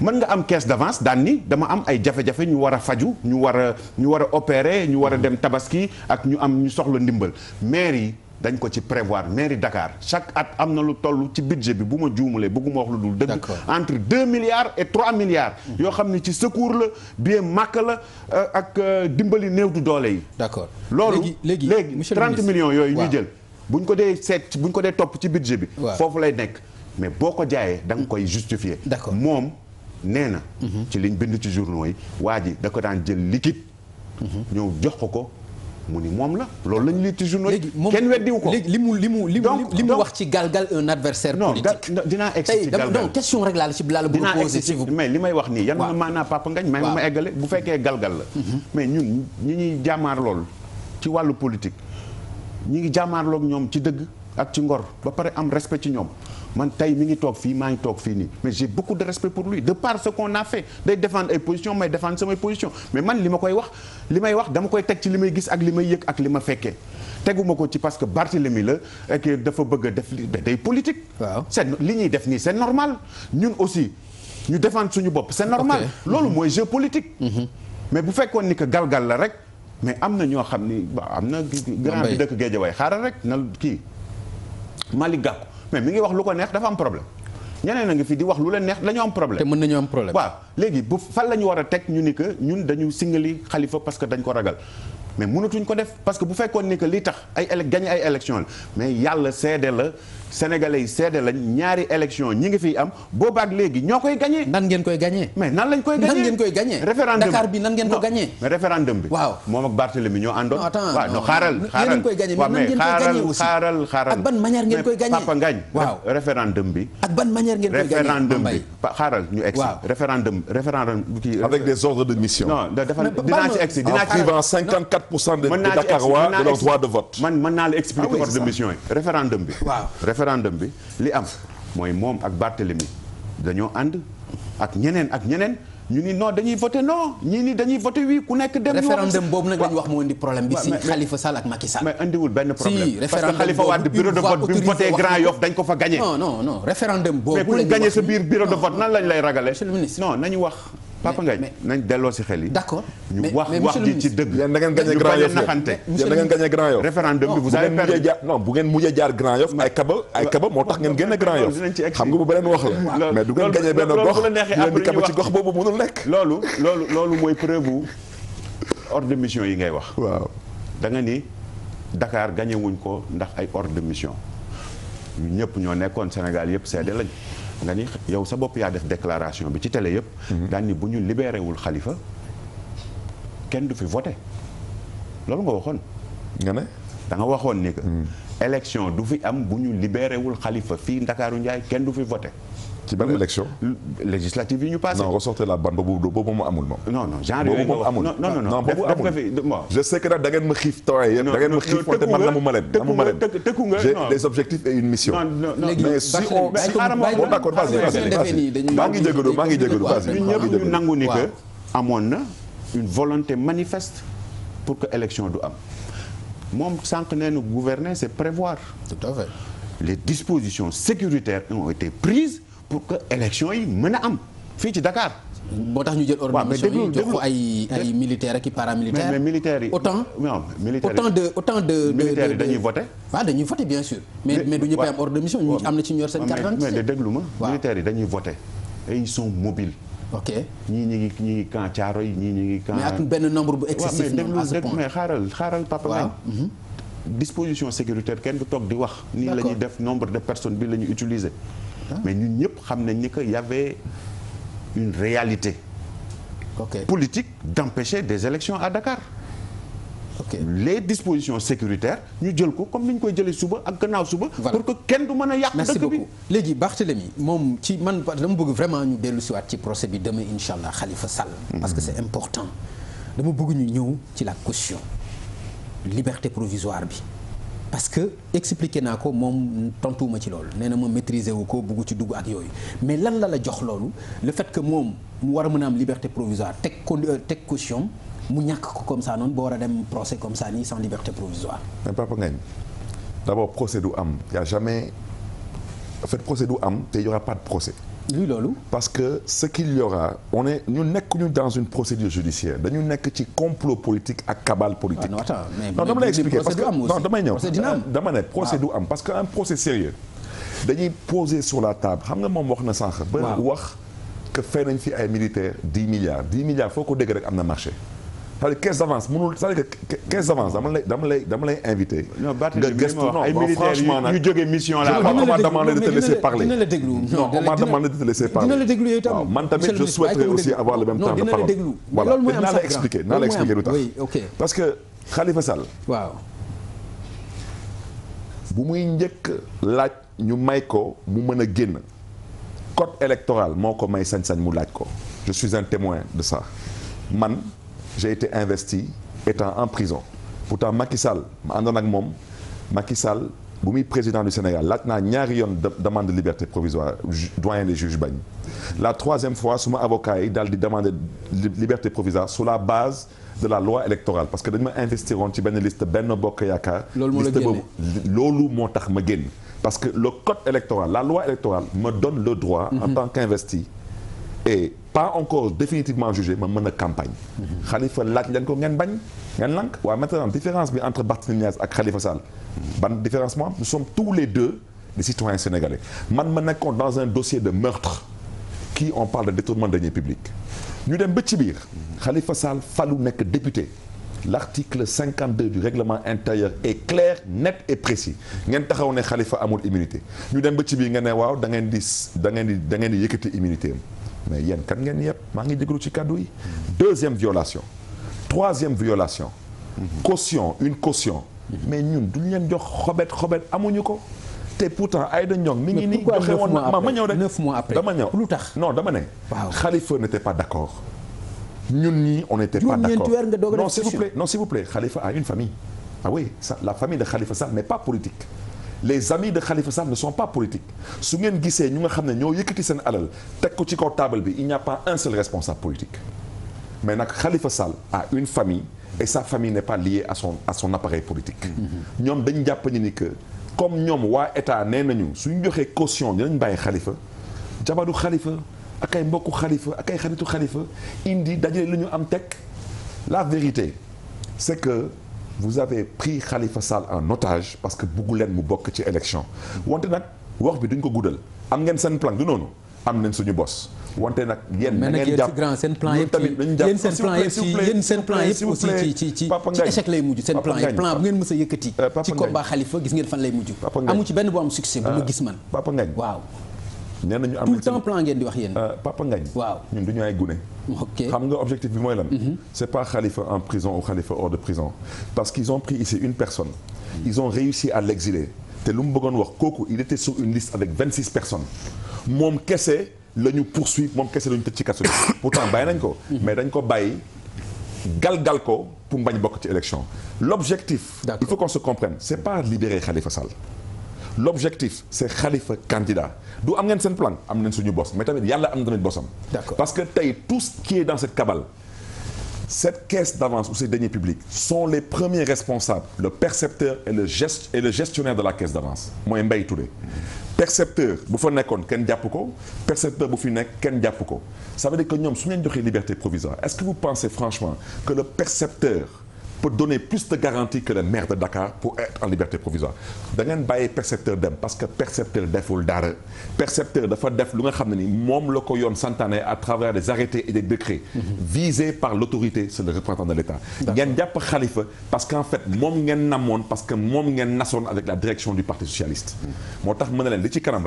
Speaker 1: mën nga am caisse d'avance daan ni dama am ay jafe-jafe ñu war a faju ñu war a ñu war a opérer ñu war a dem tabaski ak ñu am ñu soxla ndimbal maire yi dañ ko ci prévoir mairie Dakar chaque at am na lu toll ci budget bi bu ma juumalee bëgguma wax lu dul dëgg entre deux milliards et trois milliards hmm. yoo xam ne ci secours la bien màkk la euh, ak euh, dimbali néew du doole yi d'accord loolu léegi léegi trente millions yooyu ñu jël buñ ko dee seet buñ ko dee topp ci budget bi foofu lay nekk mais boo ko jaayee da nga koy justifier moom nee na mhm. ci liñ bind ci journaux yi waa ji da ko daan jël liquide mhm. ñëw jox ko ko mu ni moom la loolu lañu liiti journaux kenn weddiwu ko léegi li mu li mu li mu wax ci galgal un adversaire politique non dinaa expliquer galgal donc question rek laa la ci laa mais li may wax nii yan na maanaa papa ngañ may ma eggale bu fekkee galgal la mm-hmm. mais ñun ñu ñuy jaamaar lool ci wàllu politique ñu ngi jaamaarloog ñoom ci dëgg ak ci ngor ba pare am respect ci ñoom man tey mi ngi toog fii maa ngi toog fii nii mais j'ai beaucoup de respect pour lui de par ce qu'on a fait day défendre ay position may defande samay position mais man li ma koy wax li may wax dama koy teg ci li may gis ak li may yëg ak li ma fekkee teguma ko ci parce que Barthélemy la dafa bëgg a def day politique waaw c'est li ñuy def nii c'est normal ñun aussi ñu defande suñu bopp c'est normal loolu mooy jeu politique mhm. mais bu fekkoon ni que galgal la rek am na ñoo xam ni am na grand bi dëkk Guédiawaye xaaral rek na kii Malick mais mi ngi wax lu ko neex dafa am problème ñeneen a ngi fi di wax lu leen neex dañu am problème. te mën nañu am problème waaw léegi bu fan la ñu war a teg ñu ni que ñun dañu singali xalifa parce que dañ ko ragal. mais munatuñ ko def parce que bu fekkoon ni que li tax ay ele gañ ay élection la mais yàlla seede la sénégalais yi seede lañ ñaari élection ñi ngi fiy am boobaak léegi ñoo koy gagné. nan ngeen koy gañee mais nan lañ koy gagné nan ngeen koy gagné. référendum Dakar bi nan ngeen ko gagné. mais référendum bi. waaw moom ak Barthélemy ñoo àndoon. non ban manière ngeen koy gagné Papa Ngagne. waaw référendum bi. ak ban manière ngeen koy gagné référendum bi xaaral ñu egg euh, de mission. non dafa dinaa ci egg si dinaa ci. en 54 pour cent des Dakarois de vote. man naa la expliquer ah de mission yi référendum bi. référendum bi li am mooy moom ak Barthélemy dañoo ànd ak ñeneen ak ñeneen ñu ni non dañuy voté non ñii ni dañuy voté oui ku nekk dem. référendum boobu nag lañu wax moo indi problème bi si Khalifa Sall ak Macky Sall. mais indiwul benn problème parce que Khalifa Wade bureau de vote bi mu voté Grand Yoff dañ ko fa gagné. mais ku gagné sa biir bureau de vote nan lañ lay ragalee. monsieur nañu wax Papa Ngagne nañ delloo si xel yi. d'accord ñu wax wax ji ci dëgg. yéen da ngeen gagné Grand Yoff yéen da ngeen gagné Grand Yoff. référendum bi vous avez bu ngeen mujjee jaar Grand Yoff ay kaba moo tax ngeen génne Grand Yoff xam nga bu beneen wax la. mais du ngeen gagné benn gox boobu mënul nekk. loolu loolu mooy preuve ordre de mission yi ngay wax. waaw da nga ni Dakar gagné ko ndax ay ordre de mission ñun ñëpp ñoo nekkoon Sénégal yëpp seede lañ nga ni yow sa bopp yaa def déclaration bi ci tele yëpp. Mhm. daan ni bu ñu libéré wul xalifa kenn du fi voté loolu nga waxoon. nga ne danga waxoon ni que. Mhm. du fi am bu ñu liberewul xalifa fii Ndakaaru Ndiaye kenn du fi voté. ci ban élection législative yi ñu passé. non ressortez la
Speaker 4: bande boobu boobu moom amul moom. non non genre yooyu boobu amul. non non non boobu amul je sais que nag da ngeen ma xiif tawaay yëpp. da ngeen ma xiif wante man namu ma leen. namu ma leen
Speaker 1: tëkku nga j'ai des
Speaker 4: objectifs et une mission. non non
Speaker 1: mais si on si on d'accord vas-y vas-y maa ngi jégalu maa ngi jégalu vas-y ñun ñëpp ñu nangu ni que amoon na une volonté manifeste pour que élection du am moom sànq nee na gouverner c'est prévoir. tout à fait les dispositions sécuritaires ont été prises pour que élection yi mën a am fii ci Dakar. boo tax ñu jël ordination yi jox ko ay ay militaires ak i paramilitaires. mais mais militaires yi autant non
Speaker 3: militaires autant de autant de. voté. waaw dañuy voté ah, bien mais mais du ñu koy am ordre de mission ñu am na ci ñor seen carte mais mais
Speaker 1: déglu ma. militaires yi dañuy voté et ils sont mobiles. ok ñii ñu ngi ñi ngi yi ñii ñu ngi. camp mais ak benn nombre bu excessif. noonu à ce point mais xaaral xaaral papa. waaw mhm. disposition sécuritaire kenn du toog di wax. nii la ñuy def nombre de personnes bi la ñu utiliser. mais ñun ñëpp xam nañ ni que y une réalité okay. politique d'empêcher des élections à Dakar Okay. les dispositions sécuritaires ñu jël ko comme ni ñu koy jëlee suba ak gannaaw suba. pour que kenn du mën a yàq dëkk bi
Speaker 3: léegi Barthélémy moom ci man dama bëgg vraiment ñu dellu siwaat ci procès bi demain incha allah Khalifa Sall. Hmm. parce que c'est important dama bëgg ñu ñëw ci la caution liberté provisoire bi. parce que expliqué naa ko moom tontuwuma ci loolu nee na ma maîtriser wu ko bugg ci dugg ak yooyu mais lan la la jox loolu le fait que moom mu war a mën a am liberté provisoire teg con euh, teg caution mu ñàkk ko comme sa noonu boo war a dem procès comme ça nii sans liberté provisoire.
Speaker 4: mais Papa Ngagne d'abord procès du am y a jamais en fait procès du am te y aura pas de procès. luy loolu parce que ce qu'il y aura on est ñu nekk ñu dans une procédure judiciaire dañu nekk ci complot politique ak cabale politique ah, non dama lay expliquer parce que non damay ñëw euh, dama ne procès du am parce que un procès sérieux dañuy poser sur la table xam nga moom wax na sànq ba wax que fay nañ fi ay militaires dix milliards dix milliards foo ko dégg rek am na marché c'est-à-dire quinze avance mënul c'est-à-dire que quinze avance dama lay dama lay dama lay invité. non Barthélémy mi ma wax ay militaires yu jógee mission la. non on m'a demandé de te laisser parler dina la non on m'a demandé de te laisser parler. dina la déglu yow itam man tamit je souhaiterais aussi avoir le même temps de parole. non dina la déglu voilà dinaa la expliquer dinaa la expliquer lu tax. parce que Khalifa Sall. waaw. bu muy njëkk laaj ñu may ko mu mën a génn code moo ko may sañ-sañ mu laaj ko je suis un témoin de sa man. j'ai été investi étant en prison pourtant Macky Sall ma àndoon ak moom Macky Sall bu muy président du Sénégal laaj naa ñaari yoon demande de liberté provisoire doyen des juges bañ la troisième fois suma avocat yi daal di demande liberté provisoire sur la base de la loi électorale parce que dañu ma investiroon ci benn liste Benno Bokk Yaakaar liste boobu loolu moo tax ma génn parce que le code électoral la loi électorale me donne le droit mm -hmm. en tant qu'investi pas encore définitivement jugé ma mën a campagne Khalifa laaj leen ko ngeen bañ ngeen lank waa maintenant différence bi entre Barthélémy Dias ak Khalifa Sall ban différence moom nous tous les deux des citoyens sénégalais man ma nekkoon dans un dossier de meurtre qui on parle de détournement de deniers publics ñu dem ba ci biir Khalifa Sall falu nekk député l'article 52 du règlement intérieur est clair net et précis ngeen taxaw ne Khalifa amul immunité ñu dem ba ci biir ngeen ne waaw da ngeen da ngeen di da ngeen di yëkkati immunité mais yéen kan ngeen yëpp maa ngi jégalu ci kàddu yi deuxième violation troisième violation caution une caution mais ñun duñ leen jox xobet xobet amuñu ko te pourtant Aïda Ndiongue mi ngi nii joxe woon ma ñëw rek neuf mois après ñëw lu tax non dama ne Khalifa n'était pas d'accord ñun ñii on n'était pas d'accord non s'il vous plaît non s'il a une famille ah oui la famille de Khalifa Sall n'est pas politique les amis de Khalifa Sall ne sont pas politiques su ngeen gisee ñu nga xam ne ñoo yëkkati seen alal teg ko ci kaw taabal bi i n'y a pas un seul responsable politique mais nag Khalifa Sall a une famille et sa famille n'est pas liée a son à son appareil politique ñoom dañ jàpp ni que comme ñoom waa état nee nañu suñu joxee caution ñu bàyyi Khalifa jabaru Khalifa ak ay mbokku Khalifa ak ay xaritu Khalifa indi daje lañu am teg la vérité c'est que vous avez pris Khalifa Sall en otage parce que bëggu leen mu bokk ci élection wante nag wax bi duñ ko guddal am ngeen seen plan du noonu am nañ suñu bos wante nag yéen na ngeen jàpp mais
Speaker 3: seen plan yëpp ci yéen seen plan yëpp aussi ci ci ci échec lay mujj seen plan yëpp plan bu ngeen mës a yëkkati euh, ci combat Khalifa gis ngeen fan lay mujj amu ci benn bu am succès bu ma euh, gis man Papa Ngagne waaw nee nañu am tout le temps plan ngeen di wax yéen. Euh, Papa Ngagne. waaw ñun du ñu ay gune.
Speaker 4: ok xam nga objectif bi mooy lan. Mhm. c'est pas Khalifa en prison ou Khalifa hors de prison. parce qu'ils ont pris ici une personne. ils ont réussi à l'exiler te lu mu bëggoon wax kooku il était sur une liste avec vingt six personnes moom kese la ñu poursuivre moom kese la ñu tëj ci kaso pourtant bay nañ ko. Mhm. mais dañ ko bàyyi gal ko pour bañ bokk ci élection. l'objectif il faut qu'on se comprenne c'est pas libérer Khalifa Sall. l'objectif c'est Khalifa candidat du am ngeen seen plan am nañ suñu bos mais tamit yàlla am na tamit bosam parce que tey tout ce qui est dans cette cabale cette caisse d'avance ou ces deniers publics sont les premiers responsables le percepteur et le gest et le gestionnaire de la caisse d'avance mooy Mbaye Touré percepteur bu fa nekkoon kenn jàpp ko percepteur bu fi nekk kenn jàpp ko ça veut dire que ñoom su ngeen joxee liberté provisoire est-ce que vous pensez franchement que le percepteur peut donner plus de garanties que le maire de Dakar pour être en liberté provisoire da ngeen bàyyi percepteur dem parce que percepteur deful dara percepteur dafa def lu nga xam ne ni moom la ko yoon santaane à travers des arrêtés et des décrets mhm. visés par l'autorité c'est le représentant de l'État ngeen jàpp Khalifa parce qu'en fait moom ngeen namoon parce que moom ngeen nasoon avec la direction du Parti socialiste mhm. moo tax mën na leen li ci kanam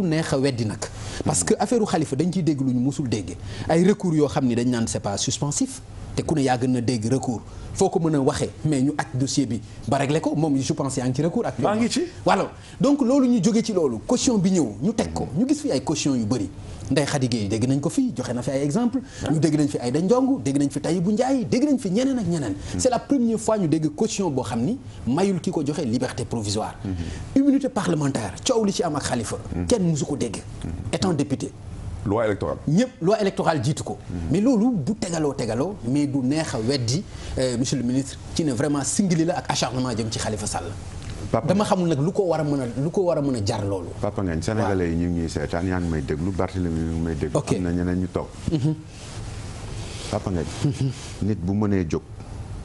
Speaker 3: du neex a weddi nag parce que affaire xalifa dañ ciy dégg lu ñu mosul dégg ay recours yoo xam ni dañ naan c'est pas suspensif te ku ne yaa gën a dégg recours foo ko mën a waxee mais ñu aj dossier bi ba réglé ko moom je pense yaa ngi ci recours ak maa ngi ci voilà donc loolu ñu jóge ci loolu caution bi ñëw ñu teg ko ñu gis fi ay caution yu bëri Ndeye Khady Gueye dégg nañ ko fii joxe na fi ay exemple ah. ñu dégg nañ fi Aïda Ndiongue dégg nañ fi bu Ndiaye dégg nañ fi ñeneen ak ñeneen hmm. c'est la première fois ñu dégg caution boo xam ni mayul ki ko joxe liberté provisoire hmm. immunité parlementaire coow li ci am ak Khalifa hmm. kenn su ko dégg étant député loi électorale ñëpp loi électorale jiitu ko mais loolu bu tegaloo tegaloo mais du neex a weddi euh, monsieur le ministre ci ne vraiment singili la ak acharnement jëm ci Khalifa Sall dama xamul nag lu ko war a mën a lu ko war mën a jar loolu.
Speaker 1: papa ngeen yi ñu ngi ñuy seetaan yaa ngi may déglu Barthélemy mi ngi may déglu. ok am na ñeneen ñu toog. Mhm. papa ngeen. Mhm. nit bu mënee jóg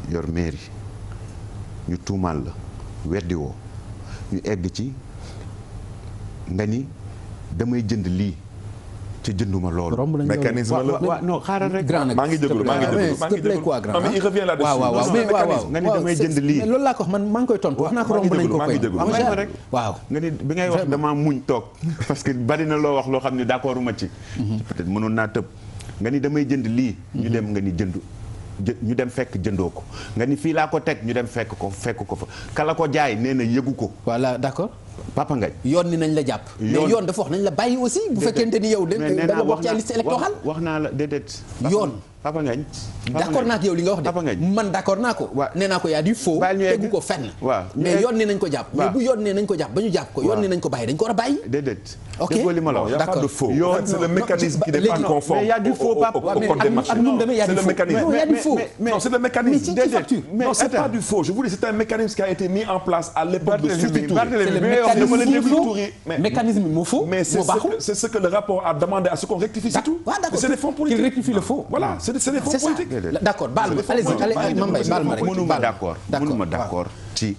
Speaker 1: yor mairie ñu tuumaal la weddi ñu egg ci nga ni damay jënd lii. te jënduma loolu. mécanisme la waaw non xaaral rek. grand nag maa ngi jégalu maa ngi jégalu maa ngi jégalu non mais il revient là-dessus. waaw waaw waaw nga ni damay jënd maa ngi koy tontu rek waaw nga ni bi ngay wax damaa muñ toog parce que bari na loo wax loo xam ne d'accord ma ci. Mhm. peut-être mënoon naa tëb nga ni damay jënd lii. ñu mhm. dem nga ni jëndu. ñu dem fekk jëndoo ko nga ni fii laa ko teg ñu dem fekk ko fekk ko fa kala ko jaay nee na yëgu ko. voilà d'accord Papa Ngagne yoon ni nañ la jàpp. yoon mais yoon
Speaker 3: dafa wax nañ la bàyyi aussi. bu fekkente ni yow. da nga bokk ci liste électorale
Speaker 1: wax naa la déedéet yoon. Papa Ngagne d'accord naa
Speaker 3: ak yow li nga wax de man d'accord naa ko nee naa ko yaa di faux tegu ko fenn mais yoon ne nañ ko jàpp mais bu yoon ne nañ ko jàpp ba ñu jàpp ko yoon ne nañ ko bàyyi dañ ko war a bàyyi déedéet ok d'accord
Speaker 4: yoon c'est le mécanisme qui n'est pas conforme mais y a du faux papa ak ñun demee y a du faux non c'est le mécanisme déedéet non c'est pas du faux je vous dis c'est un mécanisme qui a été mis en place à l'époque de Sékou Touré le mécanisme moo faux mais c'est ce que le rapport a demandé à ce qu'on rectifie c'est tout c'est des fonds politiques qu'il
Speaker 1: rectifie le faux voilà c'est des fonds politiques. d'accord baal ma allez-y Mame Mbaye baal ma rek mënuma d'accord mënuma d'accord ci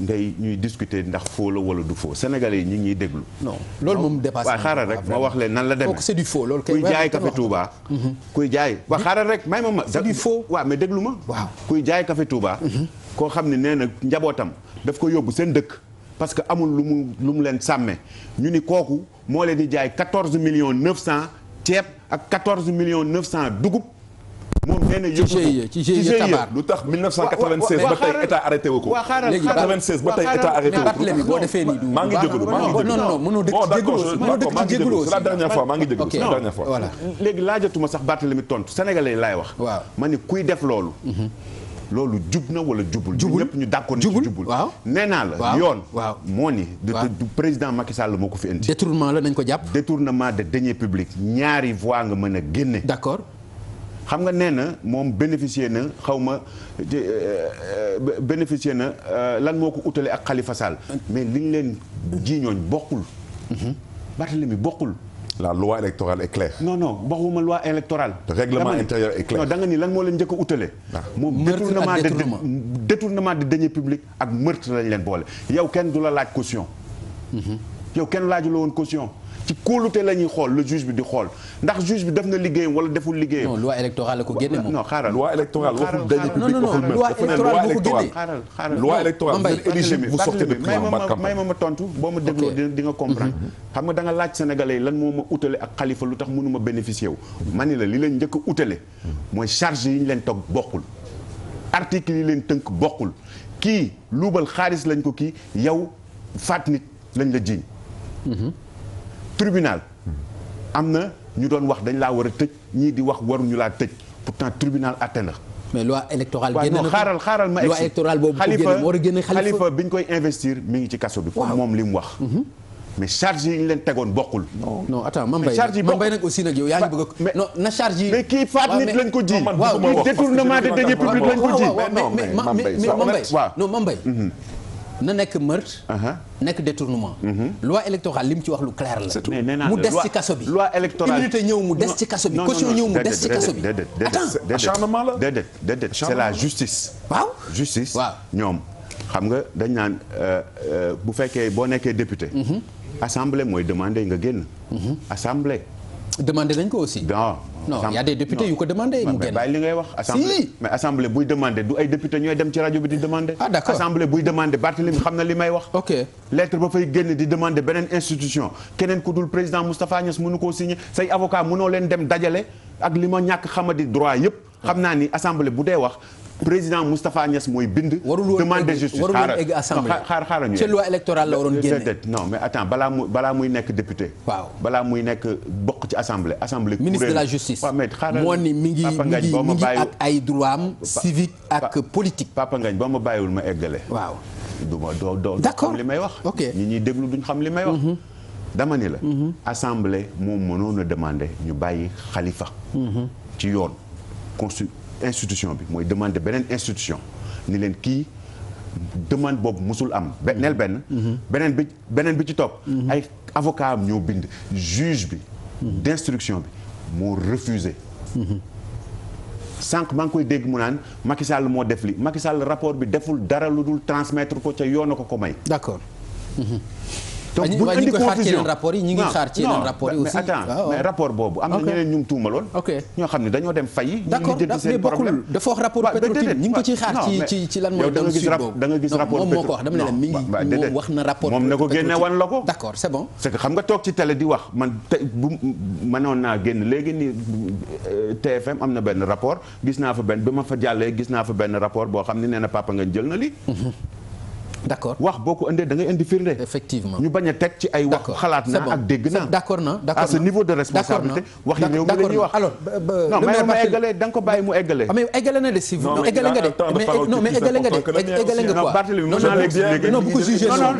Speaker 1: nday ñuy discuter ndax faux la wala du faux sénégalais yi ñu ngi ñuy déglu. non loolu moom dépassé waaw xaaral rek ma wax leen nan la demee. c'est du faux loolu kay kuy jaay café Touba. Mhm. kuy jaay waaw mhm. xaaral rek may ma ma. c'est du faux waaw mais déglu ma. waaw kuy jaay café Touba. Mhm. koo xam ne nee na njabootam daf ko yóbbu seen dëkk. parce que amul lu mu lu mu leen sàmmee ñu ni kooku moo leen di jaay quatorze millions neuf cent. ceeb ak 14 millions 900 dugub. moom nee na yëpp ci GIE lu tax 1996 ba tey état arrêté wu ba tey état
Speaker 2: arrêté wu ko. boo defee nii du maa ngi jégalu maa ngi jégalu non non mënoo dëkk ci jégalu aussi la dernière fois maa ngi jégalu la dernière fois. voilà
Speaker 1: léegi laajatuma sax Barthélemy tontu sénégalais laay wax. waaw ma ni kuy def loolu. Mhm. loolu jub na wala jubul. jubul ñëpp ñu d'accord ni ci jubul. waaw nee naa la yoon. waaw moo ni. du président Macky Sall moo ko fi indi. détournement la nañ ko jàpp. détournement de deniers publics ñaari voies nga mën a génne. d'accord. xam nga nee na moom bénéficier na xaw ma euh, euh, bénéficier na euh, lan moo ko utale ak Khalifa Sall. mais liñ leen jiiñooñ bokkul. Mhm. Barthélemy bokkul. la loi électorale est claire. non non loi électorale. règlement intérieur est clair. non da lan moo leen njëkk a utale. Ah. moom détournement de détournement de ak meurtre lañ leen boole. yow kenn du la laaj caution. Mhm. yow kenn laaju la woon caution. ci kóolute la ñuy xool le juge bi di xool ndax juge bi def na liggéeyam wala deful liggéeyam. non loi électorale la ko génne moom. non xaaral loi électorale waxul dañu public waxul même dafa ne loi électorale xaaral ma ma tontu boo ma dégloo di nga comprendre mhm. xam nga da nga laaj sénégalais yi lan moo ma utale ak xalifa lu tax mënuma bénéficier wu ma ni la li leen njëkk a utale mooy charge yi ñu leen toog bokkul article yi tënk bokkul kii luubal xaalis lañ ko kii yow faat nit lañ la jiiñ mhm. tribunal am na ñu doon wax dañ laa war a tëj ñii di wax waruñu laa tëj pourtant tribunal atte na. mais loi électorale génn na xaaral xaaral ma. loi électorale boobu xalifa bi ñu koy investir mi ngi ci kaso bi. waaw moom li mu wax. Mhm. mais charge yi ñu leen tegoon bokkul. non non attends Mame Mbaye nag Mame Mbaye nag aussi nag yow yaa ngi bëgg a. non na charge yi mais kii faat nit lañ ko ji. waaw détournement
Speaker 3: de deniers na nekk meurtre. nekk détournement. Mhm. loi électorale li mu ci wax lu clair la. mu des ci kaso bi.
Speaker 1: loi électorale immunité ñëw mu des ci kaso bi. caution ñëw mu des ci kaso bi. déedéet déedéet acharnement la déedéet déedéet c'est la justice. waaw justice. ñoom xam nga dañ naan euh, euh, bu fekkee boo nekkee député. Mhm. assemblée mooy demander nga génn. Mhm. assemblée. demandé nañ ko aussi. non non il a des députés yu ko demandé. mu génn bàyyi li ngay wax. si mais assemblée buy demandé du ay député ñooy dem ci rajo bi di demandé. ah d'accord assemblée buy demandé Barthélémy xam na li may wax. ok lettre ba fay génn di demandé beneen institution keneen ku dul président Moustapha Niass mënu koo signé say avocat mënoo leen dem dajale ak li ma ñàkk xamadi droit yëpp. xam naa ni assemblée bu dee wax président Moustapha Niass mooy bind. demande de justice warul woon egg assemblée xaar xaar ñu. ci loi muy balaa muy nekk député. waaw mi ngi mi ngi mi ngi ak ay droit am civique ak politique. Papa Ngagne ma bàyyiwul ma waaw du doo doo. li may wax. ok ñi ñuy déglu duñ xam li may wax. Mhm. dama ni la. Mhm. assemblée moom mënoon a demandé ñu bàyyi xalifa. Mhm. ci yoon constitution. institution bi mooy demande beneen institution ni leen kii demande boobu musul am neel benn mhm. beneen bi beneen bi ci topp mhm. ay avocat am ñoo bind juge bi mhm. d'instruction bi moo refusé sànq maa ngi koy dégg mu naan Macky moo def li Macky Sall rapport bi deful dara lu dul transmettre ko ca yoona ko ko may d'accord
Speaker 2: donc bu ñu indi confusion rapport yi ñu ngi xaar ci yeneen rapport yi aussi
Speaker 1: ah, mais ah. rapport boobu am na ñeneen ñu ngi tuumaloon ñoo xam ne dañoo dem fayi d'accord mais bokkul dafa wax rapport Petrotim ñu ngi boobu moom ne na rapport ko génne wan la ko d'accord c'est xam nga toog ci télé di wax man tey bu mënoon naa génn léegi ni euh, TFM am na benn rapport gis naa fa benn bi ma fa jàllee gis naa fa benn rapport boo xam ne nee na papa nga jël na li mhm. d'accord wax boo ko indee da ngay indi firnde. effectivement ñu bañ a teg ci ay wax. xalaat naa ak dégg naa. d'accord na d'accord na à ce niveau de responsabilité. wax yi réew mi la ñuy wax alors. non mais ma eggalee da nga ko bàyyi mu eggalee. Ah, mais eggale na
Speaker 3: de si. non mais eggale nga de non mais eggale nga de eggale nga quoi. non non bu ko jugee noonu.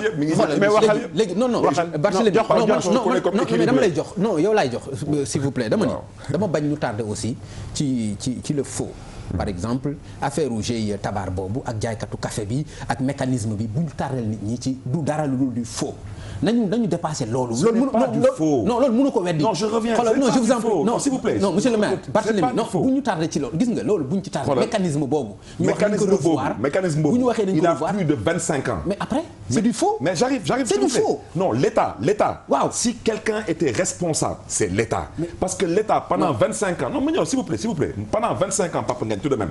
Speaker 3: mais waxal léegi non non. Barthélémy non non mais dama lay jox non yow laay jox euh, s'il vous plaît dama ni dama bañ ñu tardé aussi ci ci ci le faux par exemple affaire u GIE tabaar boobu ak jaaykatu café bi ak mécanisme bi bu ñu tàrreel nit ñi ci du dara lu dul du faux nañu nañu dépassé loolu. ce n'est pas du faux non loolu mënu ko weddi. non je reviens c'est pas du faux non s'il vous plaît. non monsieur le maire Barthélémy non bu ñu tardé ci loolu gis nga loolu bu ñu ci tardé. mécanisme boobu.
Speaker 2: ñu
Speaker 4: wax dañ ko
Speaker 3: revoir mécanisme boobu bu ñu waxee dañ ko revoir il a plus de vingt cinq ans. mais après c'est
Speaker 4: du faux. mais j'arrive j'arrive c'est du faux. non l'État l'État. waaw si quelqu'un était responsable c'est l'État. parce que l'État pendant vingt cinq ans non ma ñëw s'il vous plaît s'il vous plaît pendant vingt cinq ans Papa Ngagne tout de même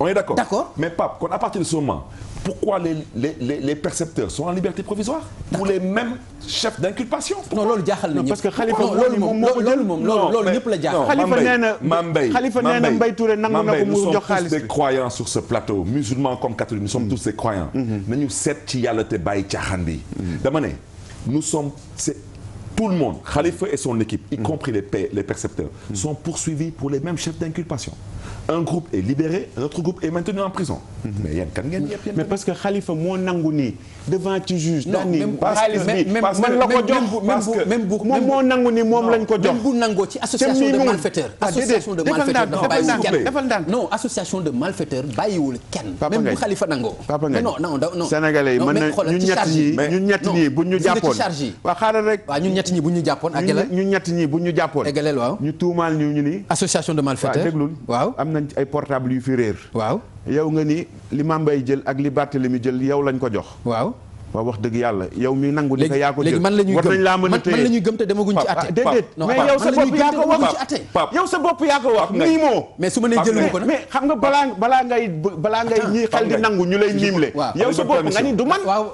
Speaker 4: on est d'accord d'accord mais Pape kon à partir de ce moment pourquoi les les les les percepteurs sont en liberté provisoire. pour les mêmes chefs d'inculpation. non loolu jaaxal parce que xalifa loolu moom loolu moom loolu ñëpp la jaaxal. xalifa nee na Mambey xalifa nee na Mbaye Touré nangu na ko mu sommes tous des croyants sur ce plateau musulmans comme catholiques nous sommes tous des croyants. Mm-hmm. Mm-hmm. nañu seet ci yàlla te bàyyi caaxaan bi. Mm-hmm. sommes tout le monde. xalifa et son équipe. y compris les percepteurs. sont un groupe est libéré un autre groupe est maintenu en prison. Mhm. mais yéen
Speaker 1: kan ngeen yépp mais parce que Khalifa moo nangu nii. devant ci juge. non même parce que la ko jox parce que même bu moom moo nangu ni moom lañ ko jox. même bu nangoo ci ah, association de malfaiteurs. association de malfaiteurs dafa bàyyiwul
Speaker 3: kenn non association de malfaiteurs bàyyiwul kenn. même bu xalifa nangoo. papa Ngagne na ñun ñett ñi ñun bu ñu jàppoon. waaw xaaral rek. waaw ñett ñi bu ñu jàppoon ak la ñun ñett ñi ñu tuumaal ñu ñu ni. association de malfaiteurs déglul.
Speaker 1: waaw am nañ ay portable yu fi réer. waaw yow nga ni li Mame Mbaye jël ak li li Barthélémy jël yow lañ ko jox waaw waaw wax dëgg yàlla yow mi nangu ni ko yaa ko jël a téye man la ñuy gëm te ah, ci atte déedéet mais yow sa bopp yaa ko wax yow mais su ma nee jëluñu ko nag mais xam nga balaa balaa ngay balaa ngay ñi xel di nangu ñu lay miimle yow sa bopp nga ni du man waaw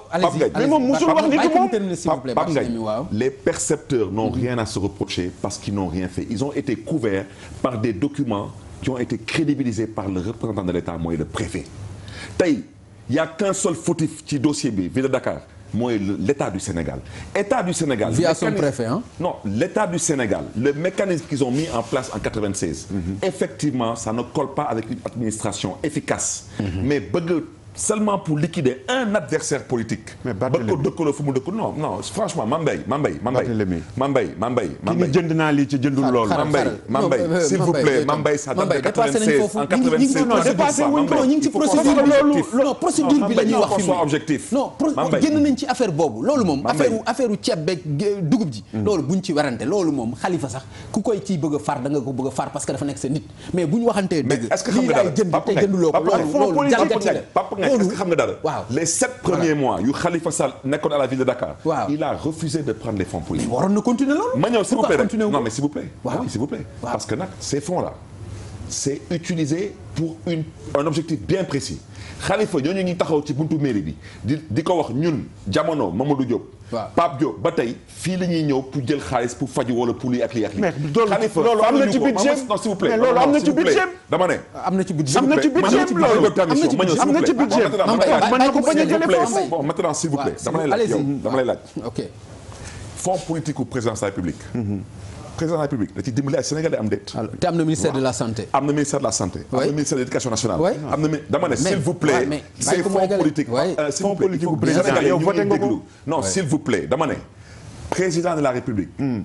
Speaker 1: mais moom musul wax ni du
Speaker 4: les percepteurs n'ont rien à se reprocher parce qu'ils n'ont rien fait ils ont été couverts par des documents qui ont été crédibilisés par le représentant de l'État mooy le préfet tey y a qu'un seul fautif ci dossier bi ville de Dakar mooy l'état du du Sénégal. via son préfet hein? non l'état du Sénégal le mécanisme qu'ils en place en 96. Mm -hmm. effectivement ça ne colle pas avec une seulement pour liquider un adversaire politique. mais Barthélémy ba ko dëkkaloo fu mu dëkk non non franchement Mambay Mambay. Mambay Mambay Mambay. Mambay ki ni jënd naa lii ci jëndul loolu. Mambay Mambay s'il vous plaît Mambay ça date de 96 en 96 non dépassé wuñ ko ñu ngi ci procédure loolu non procédure bi la ñuy wax fi objectif non génn nañ
Speaker 3: ci affaire boobu loolu moom affaire affaire ceeb beeg dugub ji mm. loolu buñ ci werante loolu moom xalifa sax ku koy ciy bëgg a far da nga ko bëgg a far parce que dafa nekk sa nit mais buñ waxantee dëgg lii laay jënd te jënduloo ko
Speaker 4: loolu loolu mais est-ce que xam nga dara waaw les sept premiers mois yu Khalifa Sall nekkoon à la ville de Dakar. waaw il a refusé de prendre les fonds politiques. waroon na continuer loolu. ma ñëw s'il vous plaît non mais s'il vous plaît. waaw ah oui s'il vous plaît. parce que nag ces fonds là c'est utilisé pour une un objectif bien précis. xalifa ñu ngi taxaw ci buntu mairie bi di di ko wax ñun jamono Mamadou Diop. waaw Pape Diop ba tey fii la ñuy ñëw pour jël xaalis pour faju wala pour lii ak lii ak lii. mais am na ci budget s'il vous plaît am na ci budget dama ne.
Speaker 3: am na ci budget am na ci budget
Speaker 4: loolu am na ci budget mën na ko bañ a jëlee foofu bon maintenant s'il vous plaît dama lay laaj yow dama lay laaj. ok fonds politique président de la République da ci dimbali ay am déet. ministère de la santé. am na ministère de la santé. s'il vous plaît. c'est fonds politique euh, s'il vous plaît bu président non s'il vous plaît dama ne hmm. président de la République. Hmm.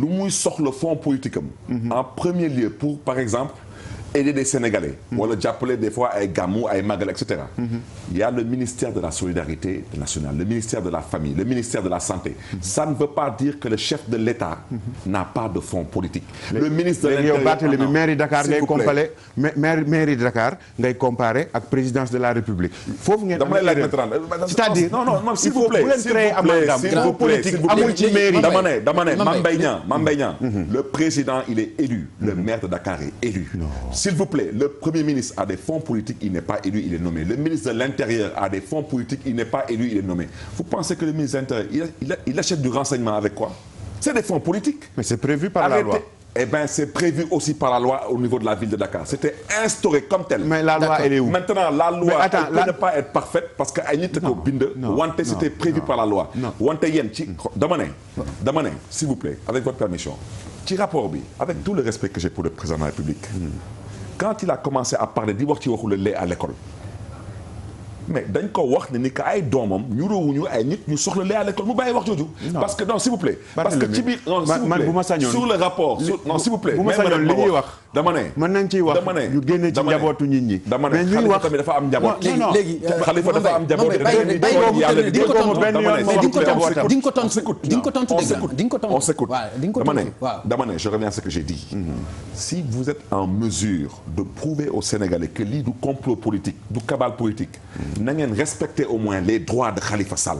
Speaker 4: lu muy soxla fonds politique hmm. en premier lieu pour par exemple. aider des Sénégalais. Mmh. wala jàppale des fois ay gàmmu ay magal et mmh. y a le ministère de la solidarité nationale le ministère de la famille le ministère de la santé. Mmh. ça ne veut pas dire que le chef de l'État n'a pas de fonds
Speaker 1: politique. le ministre de l'Intérieur Barthélémy mairie Dakar ngay comparer maire mairie Dakar ngay comparer ak présidence de la République. foofu ngeen amee c'est-à-dire non non non s'il vous plaît s'il vous plaît s'il vous plaît dama ne dama ne Mame Mbaye Niang Mame Mbaye Niang
Speaker 4: le président il est élu le maire de Dakar est élu. s'il vous plaît le premier ministre a des fonds politiques il n'est pas élu il est nommé le ministre de l'intérieur a des fonds politiques il n'est pas élu il est nommé vous pensez que le ministre de l'intérieur il, achète du renseignement avec quoi
Speaker 1: c'est prévu eh par la
Speaker 4: loi au niveau de la ville de Dakar. C'était instauré comme tel. Mais la loi, elle est où? Maintenant, la s'il vous plaît avec votre permission. ci rapport avec tout le respect que j'ai pour quand il a commencé à parler di wax ci waxu le lait à l'école mais dañ ko wax ne ni que ay doomam ñu roowuñu ay nit ñu soxla lait à l'école mu bàyyi wax jooju. parce que non s'il vous plaît. parce que ci biir non s'il vous plaît sur le rapport. non s'il vous plaît. bu ma sañoon li ñuy wax. dama ne mën nañ ciy wax yu génne ci njabootu nit ñi dama ne mais ñuy wax dafa am njaboot léegi xalifa dafa am njaboot di nga ko benn yoon di nga ko
Speaker 3: tontu di nga ko tontu di nga ko tontu on s'écoute dama ne
Speaker 4: dama ne je reviens à ce que j'ai dit mm-hmm. si vous êtes en mesure de prouver aux Sénégalais que lii du complot politique du cabale politique mm-hmm. na ngeen respecter au moins les droits de Khalifa Sall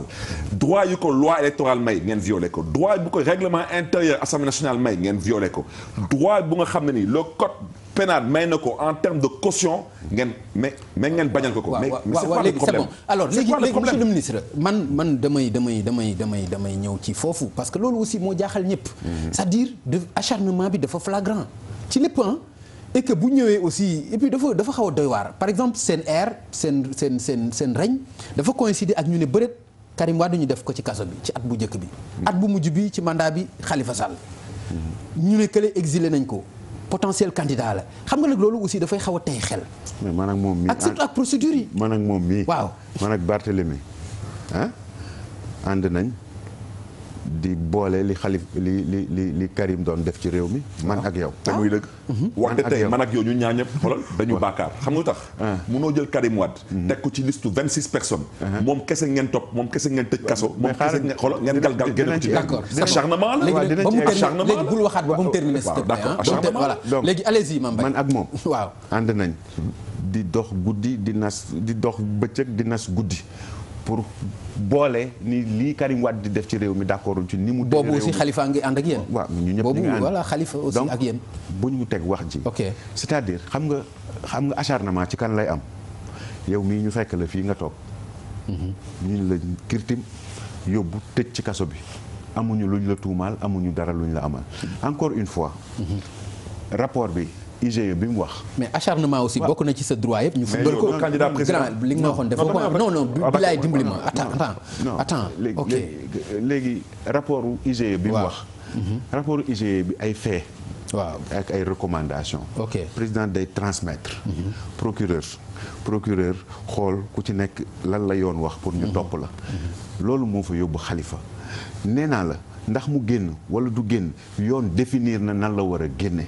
Speaker 4: droit yu ko loi électorale may ngeen violé ko droit bu ko règlement intérieur Assemblée nationale may ngeen violé ko droit bu nga xam ne ni code pénal may na ko en terme de caution ngeen mais mais ngeen bañal ko ko. mais c'est quoi le problème alors léegi léegi monsieur le ministre
Speaker 3: man man damay damay damay damay damay ñëw ci foofu parce que loolu aussi moo jaaxal ñëpp. Mhm. c'est-à-dire de acharnement bi dafa flagrant ci lépp et bu ñëwee aussi et dafa dafa xaw a doy waar par exemple seen air seen seen seen seen dafa coïncider ak ñu ne bëreet Karim Wade def ko ci kaso bi ci at bu njëkk bi. Mhm. at bu mujj bi ci mandat bi Khalifa Sall. Mhm. ñu ne kële exilé nañ ko. potentiel candidat la xam nga nag loolu aussi dafay xaw a tey xel.
Speaker 1: mais man ak moom mii ak surtout ak procédure yi. man ak moom mii waaw man ak Barthélémy ah ànd nañ. di boole li xalif li li li li Karim doon def ci réew mi. man ak yow. te ah. muy dëgg. Mhm. wax de tey man ak
Speaker 4: yow ñu ñaar ñëpp xoolal dañu baakaar xam nga tax. Ah. munoo jël Karim Wade. Mhm. teg ko ci liste vingt six personnes. Ah. moom kese ngeen topp moom kese ngeen tëj kaso.
Speaker 1: moom kese ngeen xoolal ngeen gal gal génn ko ci. d'accord acharnement la waaw dinañ ci acharnement man ak moom. waaw ànd nañ. di dox guddi di nas di dox bëccëg di nas guddi pour boole ni lii Karim Wade di def ci réew mi d'accord ci ni mu. déglu boobu aussi xalifa ngi ànd ak yéen. ñu ñëpp ñu ngi ànd voilà xalifa aussi ak yéen. bu ñu teg wax ji. ok c'est-à-dire xam nga xam nga acharnement ci kan lay am yow mii ñu fekk la fii nga toog. Mhm. ñu la kirtim yóbbu tëj ci kaso bi amuñu luñ la tuumaal amuñu dara luñ la amal mhm. encore une fois. Mhm. rapport bi IGE bi mu wax. mais acharnement aussi bokk na ci sa droit yëpp. ñu
Speaker 3: fëgal ko candidat président li nga waxoon dafa ko non non bilaay dimbali ma
Speaker 1: attends léegi rapport IGE bi mu wax. Mhm. rapport IGE bi ay fait. waaw ak ay recommandations. ok président day transmettre. Mhm. procureur procureur xool ku ci nekk lan la yoon wax pour ñu mhm. topp la. loolu moo fa yóbbu xalifa nee naa la ndax mu génn wala du génn yoon definir na nan la war a génne.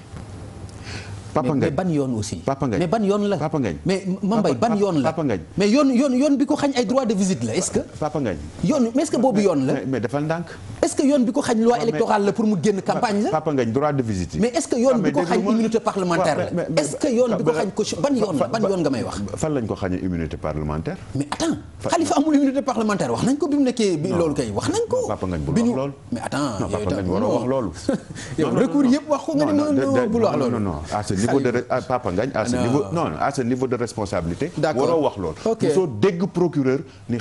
Speaker 1: Papa Ngagne mais ban yoon aussi. Papa Ngagne mais ban yoon la. Papa Ngagne mais
Speaker 3: Mambay ban yoon la. Papa Ngagne mais yoon yoon yoon bi ko xañ ay droit de visite la est-ce que. Papa Ngagne yoon mais est-ce que boobu
Speaker 1: yoon la. mais defal ndànk. est-ce que yoon bi ko xañ loi électorale la pour mu génn campagne la. Papa Ngagne droit de visite mais est-ce que yoon bi ko xañ immunité parlementaire la. est-ce que yoon bi ko xañ ko ban yoon la ban yoon nga may wax. fan lañ ko xañee immunité parlementaire. mais attends Khalifa
Speaker 3: amul immunité parlementaire wax nañ ko bi mu nekkee. bi loolu
Speaker 1: kay wax nañ ko. Papa Ngagne bul wax loolu mais attends yow recours yëpp wax ko nga ne non non niveau de ah, Papa Ngagne à ce niveau non à ce niveau de responsabilité waroo wax loolu dégg procureur ni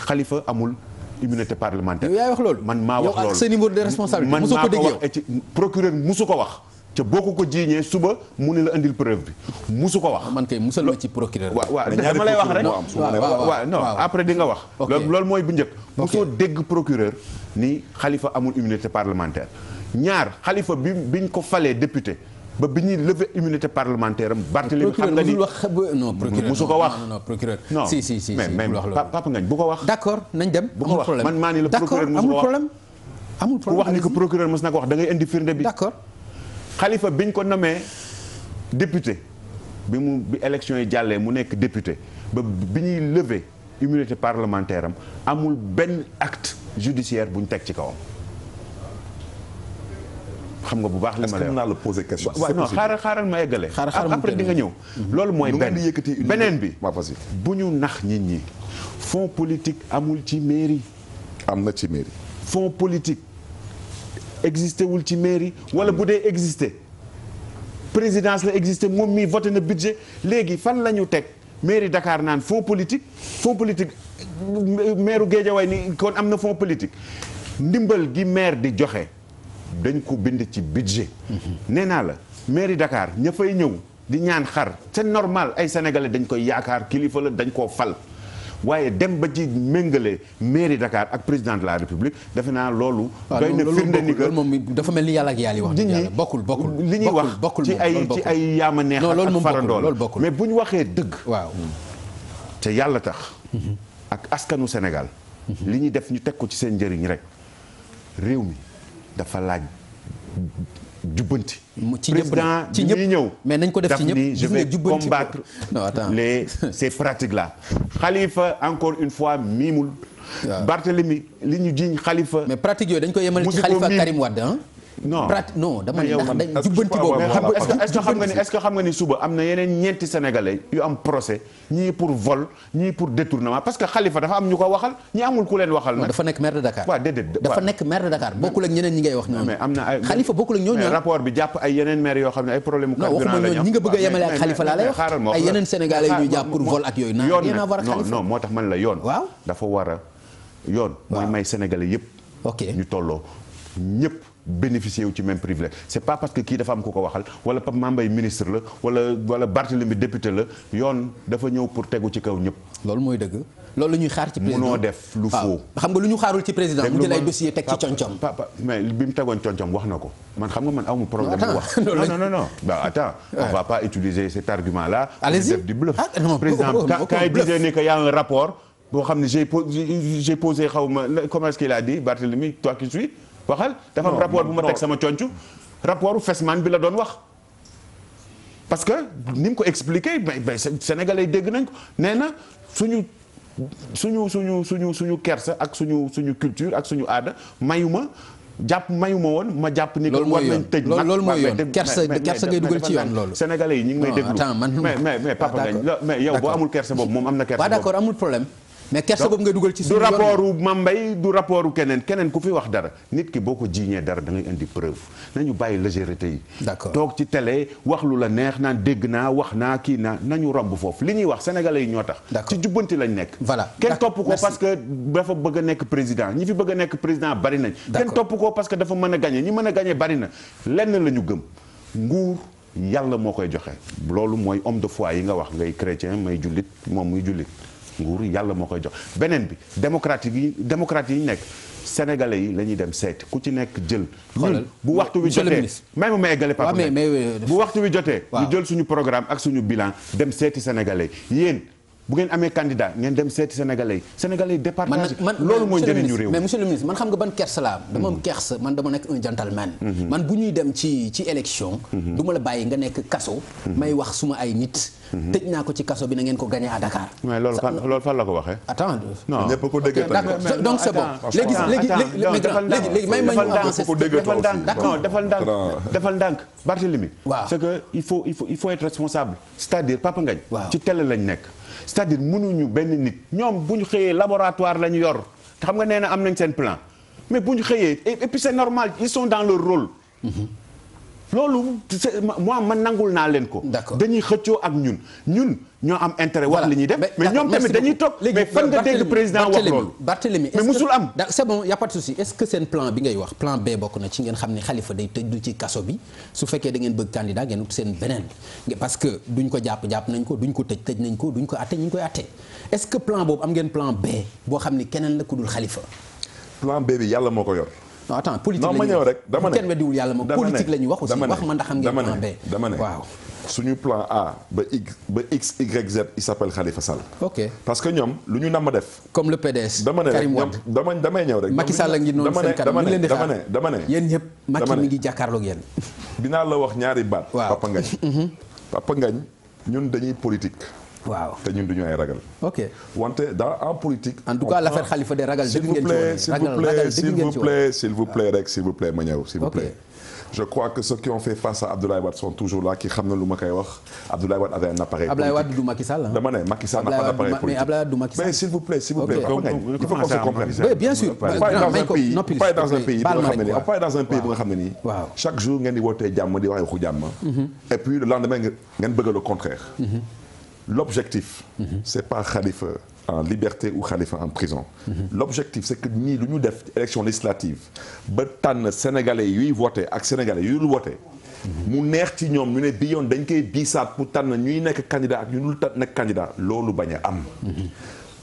Speaker 1: amul immunité parlementaire yaa wax loolu man maa wax de responsabilité mosoo ko dégg yow man maa ko wax procureur musu ko ko ko jiiñee suba mu ne la andil preuve bi ko wax. man kay musal ci procureur. waaw waaw dama lay wax après di nga wax. loolu mooy bu njëkk. musoo dégg procureur ni Khalifa amul immunité parlementaire ñaar xalifa bi biñ ko falee député. ba bi ñuy lever immunité parlementaire am. Barthélémy xam nga ni
Speaker 3: non procureur ko wax non
Speaker 1: procureur non si si si mais mais Papa Ngagne bu ko wax. d'accord nañ dem bu ko wax man maa ni la procureur musu ko wax amul problème wax ni ko procureur mos na wax da indi firnde bi. d'accord Khalifa biñ ko nommé député bi mu bi élection yi jàllee mu nekk député ba bi ñuy lever immunité parlementaire am amul benn acte judiciaire buñ teg ci kawam. xam nga bu baax li ma lay wax est-ce que mën naa la poser question. xaaral ma eggale. xaaral xaaral après di nga ñëw. loolu mooy benn beneen bi. bu ñu nax nit ñi fonds politique amul ci mairie. am na ci mairie. fonds politique existé wul ci mairie. wala bu dee existé présidence la existé moom mii voté na léegi fan la ñu teg. mairie Dakar naan fonds politique fonds politique maire Guédiawaye ni kon am na fonds politique ndimbal gi maire di joxe dañ ko bind ci budget nee naa la mairie dakaar ña fay ñëw di ñaan xar c'est normal ay sénégalais dañ koy yaakaar kilifa la dañ koo fal waaye dem ba ci méngale mairie dakaar ak président de la République defe naa loolu. doy na firnde ni moom dafa mel ni yàlla ak yàlla wax dëgg yàlla bokkul bokkul li ñuy wax ci ay ci ay yaama neex ak farandool mais bu ñu waxee dëgg. waaw te yàlla tax. Mhm. ak askanu Sénégal. Mhm. li ñuy def ñu teg ko ci seen njëriñ rek réew mi. dafa laaj jubbanti. ci ñëpp président ci ñuy ñëw. mais nañ ko def ci ñëpp je vais combattre les ces pratiques là. Khalifa encore une fois miimul. waaw Barthélemy li ñu jiiñ Khalifa. mais pratique yooyu dañ ko yemale ci Khalifa Karim Wade
Speaker 3: non non dama ne ndax dañ jubbanti boobu est-ce que xam nga ni
Speaker 1: est-ce que xam nga ni suba am na yeneen ñeenti sénégalais yu am procès ñii pour vol ñii pour détournement parce que Khalifa dafa am ñu ko waxal ñi amul ku leen waxal nag dafa nekk maire de Dakar waaw déedéet dafa
Speaker 3: nekk maire de Dakar bokkul ak ñeneen ñi ngay wax
Speaker 1: ñooñu mais am na ay Khalifa bokkul ak ñooñu rapport bi jàpp ay yeneen maire yoo xam ne ay problème carburant la ñu ñi nga bëgg a yemale ak Khalifa laa lay wax ay yeneen sénégalais yu ñu jàpp pour vol ak yooyu na rien à voir Khalifa non moo tax man la yoon waaw dafa war a yoon mooy may sénégalais yëpp ok ñu tolloo ñëpp bénéficier wu ci même privilège c'est pas parce que kii dafa am ku ko waxal wala Pape Mambay ministre la wala wala Barthélemy député la yoon dafa ñëw pour tegu ci kaw ñëpp. loolu mooy dëgg. loolu la ñuy xaar ci président munoo def lu ah, lu ñu xaarul ci président mu jël ay dossier teg ci concom. mais bi mu na ko man xam nga man amu problème. wax non non non. bah di bluff. Ah, président quand il xam ne posé xaw ma comment est-ce waxal dafa am rapport bu ma teg sama conc rapportu Fesman bi la doon wax parce que ni mu ko expliqué mais mais sénégalais dégg nañ ko nee na su suñu suñu suñu suñu kersa ak suñu suñu culture ak suñu aada mayuma jàpp mayuma woon ma jàpp ni que mooy ñu ngi may déglu mais mais papa mais yow boo amul kersa boobu moom am na kersa boobu waaw d'accord amul problème mais kersa boobu nga dugal ci suñu du rapport mambay du rapport keneen keneen ku fi wax dara nit ki boo ko jiiñee dara da indi preuve nañu bàyyi légèreté yi toog ci tele wax lu la neex naan dégg naa wax naa kii naa nañu romb foofu li ñuy wax sénégalais yi ñoo tax ci jubbanti lañ nekk voilà kenn topp ko parce que dafa bëgg a nekk président ñi fi bëgg a nekk président bari nañ kenn topp ko parce que dafa mën a gagné ñi mën a gagné bari na lenn la ñu gëm nguur yàlla moo koy joxe loolu mooy homme de foi yi nga wax ngay chrétien may jullit moom muy jullit nguur yàlla moo koy jox beneen bi démocratique yi démocratique yi nekk sénégalais yi la ñuy dem seet ku ci nekk jël. ñun bu waxtu bi jotee même ma eggale papa euh, bu waxtu wi jotee. ñu jël suñu programme ak suñu bilan dem seeti sénégalais yéen. bu ngeen amee candidat ngeen dem seeti sénégalais yi sénégalais yi départage loolu mooy njëriñu réew mais monsieur le ministre man xam
Speaker 3: nga ban kersa laa am dama am mhm. man dama nekk un gentleman
Speaker 1: mhm.
Speaker 2: man
Speaker 3: bu ñuy dem ci ci élection mhm. la bàyyi nga nekk kaso may wax suma ay nit tëj naa ko ci kaso bi na ngeen ko gagné à Dakar
Speaker 1: mais loolu fan loolu fan la ko waxee attends donc c'est bon léegi léegi léegi léegi may ma ñu avancer defal ndànk defal ndànk defal ndànk Barthélemy waaw nekk c'est-à-dire benn nit ñoom bu xëyee laboratoire la ñu yor xam nga nee na am nañ seen plan mais bu ñu xëyee et puis c'est normal ils sont dans leur rôle. Mm-hmm. loolu moi man nangul naa leen ko. dañuy xëccoo ak ñun ñun ñoo am intérêt. wax li ñuy def mais ñoom tamit dañuy toog. mais fan nga dégg président wax loolu. mais musul am. c'est bon y a pas de souci
Speaker 3: que seen plan bi ngay wax plan B bokk xam ne Khalifa day tëj du ci kaso bi su fekkee da ngeen bëgg candidat ngeen ut seen beneen parce que jàpp jàpp nañ ko duñ ko tëj tëj nañ ko duñ ko atte ñu ngi koy que plan boobu am ngeen plan B boo xam ne keneen la ku dul Khalifa. plan B bi
Speaker 4: yàlla moo ko yor
Speaker 3: non attends politique non ma ñëw rek dama ne kenn weddiwul yàlla ma wax ma ndax xam ngeen B waaw
Speaker 4: suñu plan A ba X ba X Y Z il s'appelle Khalifa Sall. ok parce que ñoom lu ñu ma def. comme le PDS. Karim Wade dama ne damay ñëw rek. Macky Sall a ngi noonu seen kanam ñu leen di xaar dama ne yéen ñëpp
Speaker 3: Macky mi ngi jàkkaarloog yéen.
Speaker 4: dinaa la wax ñaari baat. waaw Papa Ngagne. Mhm. Papa Ngagne ñun dañuy politique. waaw te ñun du ñu ay ragal. ok wante dans en politique. en tout s'il vous plaît s'il vous plaît s'il vous plaît je crois que ceux qui ont fait face à Abdoulaye Wade sont toujours là ki xam lu ma wax Abdoulaye Wade avait un appareil politique Abdoulaye Wade
Speaker 3: du Macky Sall dama ne
Speaker 4: Macky Sall n'a pas d'appareil politique
Speaker 3: mais s'il vous plaît s'il vous plaît il faut qu'on se comprenne oui bien sûr on dans un pays on
Speaker 4: nga xam chaque jour ngeen di wootee jàmm di wax waxu l'objectif c'est pas Khalifa en liberté ou Khalifa en prison l'objectif c'est que ñii lu ñu def élection législative ba tànn sénégalais yuy voté ak sénégalais yuy voté mu neex ci ñoom ñu ne bi yoon dañ koy biisaat pour tànn ñuy nekk candidat ak ñu dul nekk candidat loolu bañ a am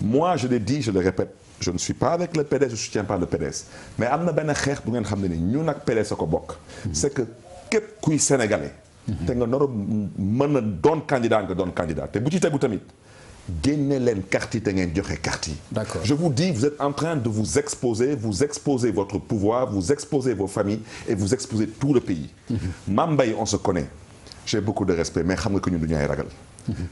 Speaker 4: moi je l'ai dit je le répète je ne suis pas avec le PDS je soutiens pas le PDS mais am na benn xeex bu ngeen xam ne ni ñun nag PDS a ko bokk c'est que képp kuy sénégalais te nga nar a mën a doon candidat nga doon candidat te bu ci tegu tamit génne leen carte ngeen joxe carte yi. d'accord je vous dis vous êtes en train de vous exposer vous exposez votre pouvoir vous exposez vos familles et vous exposez tout le pays. Mhm. Mame Mbaye on se connaît j'ai beaucoup de respect mais xam nga que ñun du ñu ragal.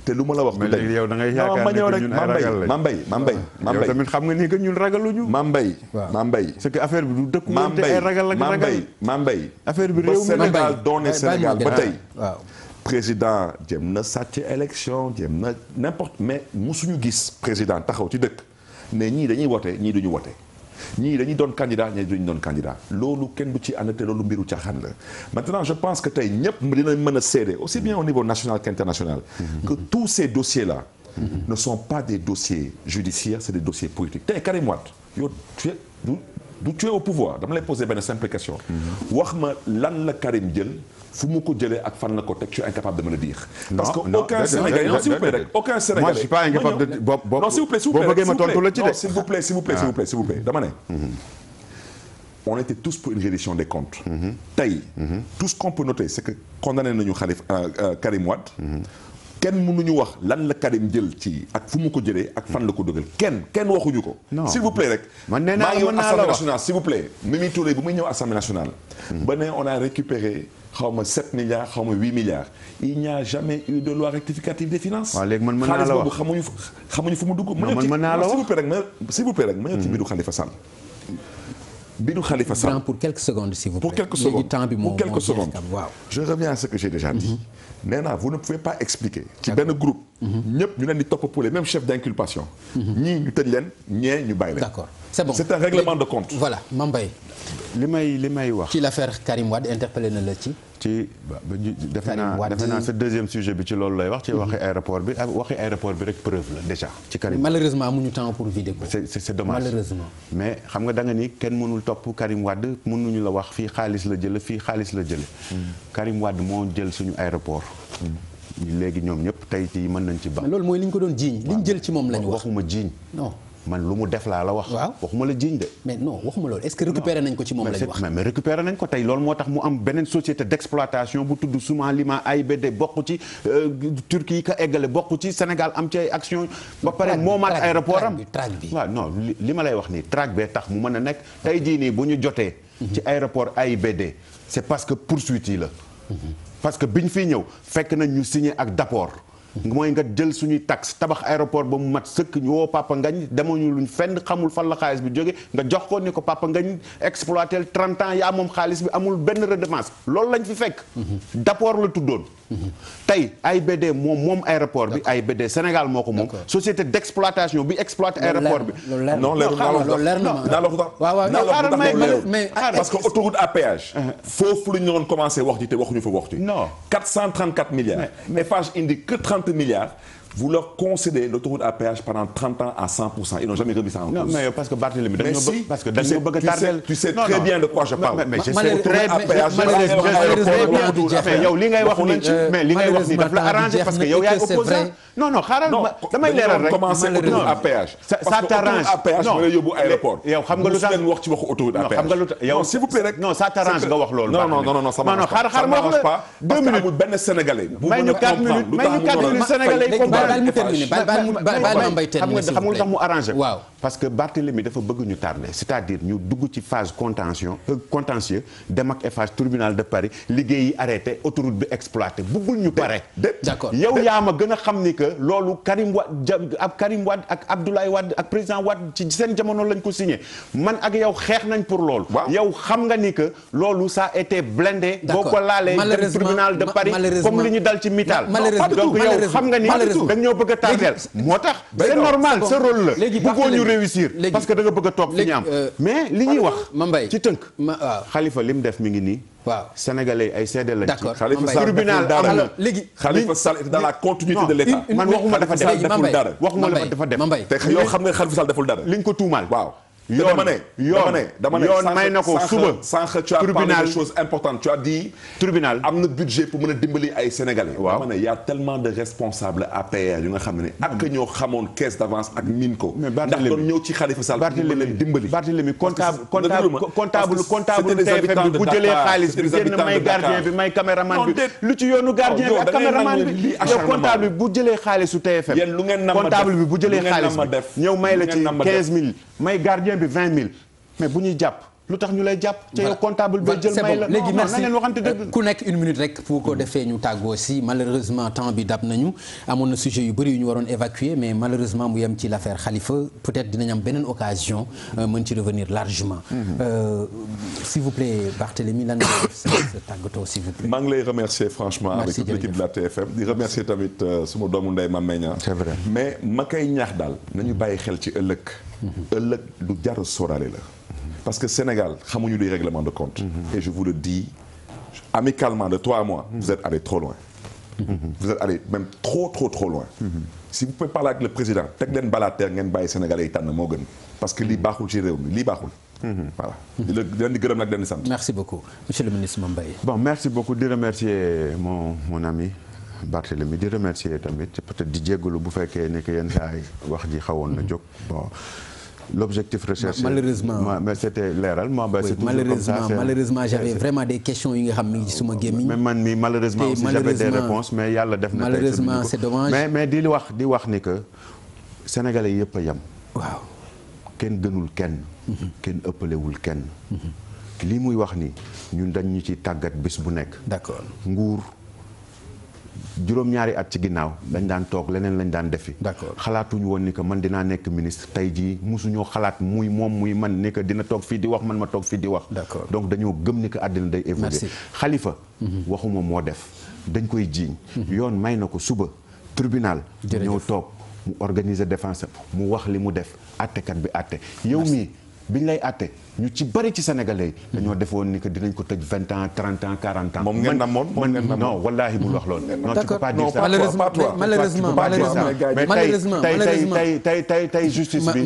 Speaker 4: te lu ma la wax. du tey yow da ngay yaakaar ne ñun ay ragal lañ ma mbay ma mbay ma mbay. yow xam nga ni ñun ragaluñu. ma mbay ma mbay. parce que affaire bi du dëkk woon te ay ragal la ragal ma mbay affaire bi réew mi Sénégal doone Sénégal ba tey. waaw président jëm na sàcc élection jëm na n'importe mais musuñu gis président taxaw ci dëkk ne ñii dañuy wote ñii duñu wote ñii dañuy doon candidat ñii duñu doon candidat loolu kenn du ci ànd te loolu mbiru caaxaan la maintenant je pense que tey ñëpp dinañ mën a seede aussi bien au niveau national qu'international que mhm. tous ces dossiers la ne sont pas des dossiers judiciaires c'est des dossiers politiques tey Karim Wade yow tu es du tu es au pouvoir dama lay poser benn simple question mhm. wax ma lan la Karim jël fu mu ko jëlee ak fan la ko teg je suis incapable de me le dire. parce que aucun Sénégalais non s'il vous plaît rek bëggee ma tontu la ci de. non s'il vous plaît s'il vous plaît s'il vous plaît mm-hmm. on était tous pour une reddition des comptes. Mm-hmm. tey. Mm-hmm. tout ce qu'on peut noter c'est que condamné nañu Khalifa euh, euh, Karim Wade. kenn mënuñu wax lan la Karim jël ci ak fu mu ko jëlee ak fan la ko dëgal kenn kenn waxuñu ko. si vous plaît rek. man nee naa la mën naa la wax maa ngi assemblée nationale s'il vous plaît. Mimi bu muy ñëw assemblée nationale. ba a xaw ma 7 milliards xaw ma 8 milliards il n'y a jamais eu de loi rectificative des finances. waaw léegi man mën naa la wax xaalis boobu xamuñu xamuñu fu mu dugg. non man mën naa la wax ma ñëw ci s'il vous rek ma s'il vous plaît rek ma ñëw bi ñu Khalifa Sall pour quelques secondes s'il vous plaît. pour quelques secondes pour quelques secondes waaw. je reviens à ce que j'ai mhm. vous ne pouvez pas expliquer. ci benn groupe. Mhm. di topp pour les mêmes chefs d'inculpation. Mhm. ñii ñu tëj leen
Speaker 3: ñee ñu bàyyi leen. d'accord c'est bon un règlement de compte. voilà Mame
Speaker 1: li may li may wax. ci l'affaire Karim Wade na la ci. ci defe naa defe naa sa deuxième sujet bi ci loolu lay wax ci waxi mm-hmm. aéroport bi ah, waxi aéroport bi rek preuve la déjà ci Karim malheureusement amuñu temps pour vider ko c'est c'est dommage malheureusement mais xam nga danga ni kenn mënul topp Karim wàdd mënuñu la wax fii xaalis la jële fii xaalis la jële mm-hmm. Karim wàdd moo jël suñu aéroport mm-hmm. léegi ñoom ñëpp tey ci mën nañ ci ba loolu mooy li ñu ko doon jiiñ li ñu jël ci moom lañu wax waxuma jiiñ non man lu mu def laa la wax. waaw waxuma la jiiñ de. mais non waxuma loolu est-ce que récupéré nañ ko ci moom la wax. mais mais récupéré nañ ko tey loolu moo tax mu am beneen société d'exploitation bu tudd Soumalima AIBD bokk ci euh, Turquie ko eggale bokk ci Sénégal am ci ay action ba pare moomaat aéroport am traque bi waaw non li ma lay wax nii traque bee tax mu mën a nekk tey jii nii bu ñu jotee. ci ay mhm. AIBD c'est parce que poursuite yi la. Mhm. parce que biñ fi ñëw fekk nañ ñu signé ak d'accord mooy nga jël suñuy taxe tabax aéroport ba mu mat sëkk woo Papa Ngañ demuñu luñ fenn xamul fan xaalis bi jóge nga jox ko ni ko Papa Ngañ exploité 30 yaa moom xaalis bi amul benn redevance loolu lañ fi fekk. d'apport la tuddoon. tey AIBD moom moom aéroport bi. AIBD Sénégal moo ko moom. société d'exploitation bi exploite aéroport bi. non leer na loolu mais parce que autoroute
Speaker 4: à péage. Uh-huh. foofu la ñu doon commencé wax ji te waxuñu fa wax ji. non 434 milliards. cinquante milliards vous leur concédez l'autoroute à péage pendant 30 ans à 100% ils n'ont jamais remis ça en cause. non mais parce que Barthélémy dañoo bëgg parce que dañoo bëgg a tardel tu sais très bien de quoi je parle. mais je sais autoroute à péage mais yow li ngay wax nii mais li ngay wax nii daf la arrangé parce que yow yaay opposant
Speaker 1: non non xaaral damay leeral rek commencé
Speaker 4: autoroute à péage. ça t'arrange parce que autoroute à péage ma lay yóbbu aéroport. yow xam nga lu tax wax ci waxu autoroute à péage. xam nga lu tax yow s'il vous plaît rek. non ça t'arrange nga wax loolu. non non non non ça m'arrange pas ça m'arrange pas. deux minutes benn Sénégalais. may ñu quatre minutes may ñu quatre minutes Sénégalais baal mu terminer baal mu baal ma
Speaker 1: mbay terminer xam nga lu tax mu arrangé waaw parce que Barthélemy dafa bëgg ñu tardé c'est-à-dire ñu dugg ci phase contention euh, contentieux dem ak Eiffage tribunal de Paris liggéey yi arrêté autoroute bi exploité bëggul ñu pare d'accord yow yaa ma gën a xam ni que loolu Karim Wade ak Karim Wade ak Abdoulaye Wade ak président Wade ci seen jamono lañ ko signé man ak yow xeex nañ pour loolu yow xam nga ni que loolu ça a été blindé boo ko laalee dem tribunal de Paris comme li ñu dal ci Mittal donc yow xam nga ni da nga ñoo bëgg a tardeel moo tax c'est normal ce rôle la bëggoo ñu réussir parce que da bëgg a toog fi ñu euh, mais li ñuy wax ci tënk xalifa li mu def mu ngi nii waaw sénégalais ay seede lañ ci tribunal am na léegi xalifa Sall dans la continuité de l'état man waxuma dafa def waxuma dafa
Speaker 4: def te yow xam nga xalifa Sall deful dara li ñu ko tuumaal yoon dama ne yoon dama ne may na suba sànq tu as parlé de choses tribunal am na budget pour mën a dimbali ay sénégalais. waaw dama ne y' a tellement de responsables nga xam ne ak mm. ñoo xamoon caisse d' avance ak miin ko. ndax doon ñëw ci Khalifa Sall pour mën leen dimbali. Barthélemy comptable
Speaker 1: comptable comptable TFM bi bu jëlee xaalis bi génn may gardien bi may caméraman bi lu ci yoonu gardien bi ak caméraman bi bi bu jëlee ngeen nama def bu jëlee xaalis bi ñëw may la ci 15000 may gardien bi vingt mille mais bu ñuy jàpp lu tax ñu lay jàpp ca yow comptable ba jël may la léegi merci na leen waxante
Speaker 3: dëgg euh, ku nekk une minute rek pour ko defee ñu tàggoo si malheureusement temps bi dab nañu amoon na sujet yu bëri yu ñu waroon évacuer mais malheureusement mu yem ci l'affaire Khalifa peut-être dinañ am beneen occasion euh, mën ci revenir largement mm-hmm. euh, s'il vous plaît Barthélémy lan nga def sa tàggatoo s'il
Speaker 4: maa ngi lay remercier franchement avec toute l'équipe de la TFM tamit suma doomu ndey ma meña c'est vrai mais ma koy ñaax daal nañu bàyyi xel ci ëllëg mm-hmm. ëllëg lu jaru sóoraale la parce que Sénégal xamuñu luy règlement de compte. Mhm. et je vous le dis amicalement de toi à moi. Mhm. vous êtes allé trop loin. Mhm. vous êtes allé même trop trop trop loin. si vous pouvez parler ak le président teg leen balateer ngeen bàyyi Sénégalais yi tànn moo gën parce que lii baaxul ci réew mi lii baaxul. voilà di
Speaker 3: leen di gërëm nag di leen di
Speaker 1: sant. merci beaucoup monsieur le ministre Mambaye. bon merci beaucoup di remercier mon mon ami Barthélémy di remercier tamit peut-être di jéggalu bu fekkee ne que wax ji xawoon na jóg bon. l'objectif recherché malheureusement ma, mais c'était leeral ma ba c'est toujours comme ça malheureusement j'avais vraiment
Speaker 3: des questions yi nga xam ni suma gémmiñ mais man mi malheureusement mais yàlla
Speaker 1: def na malheureusement c'est dommage mais mais di wax di wax ni que sénégalais yëpp a yem waaw kenn gënul kenn mhm. kenn ëppalewul kenn mhm. lii muy wax ni ñun dañ ñu ci tàggat bis bu nekk d'accord nguur juróom-ñaari at ci ginnaaw dañ daan toog leneen lañ daan defi d'accord xalaatuñu woon ni que man dinaa nekk ministre tey jii musuñoo xalaat muy moom muy man ni que dina toog fii di wax man ma toog fii di wax d'accord donc dañoo gëm ni que àddina day évoluer xalifa mhm. waxuma moo def dañ koy jiiñ mhm. yoon may na ko suba tribunal ñëw toog mu organiser défense mu wax li mu def attekat bi atte yow mii biñ lay atte ñu ci bari ci sénégalais yi. dañoo defoon ni que dinañ ko tëj vingt ans trente ans quarante ans. moom ngeen amoon moom ngeen amoon non tey tey tey justice bi.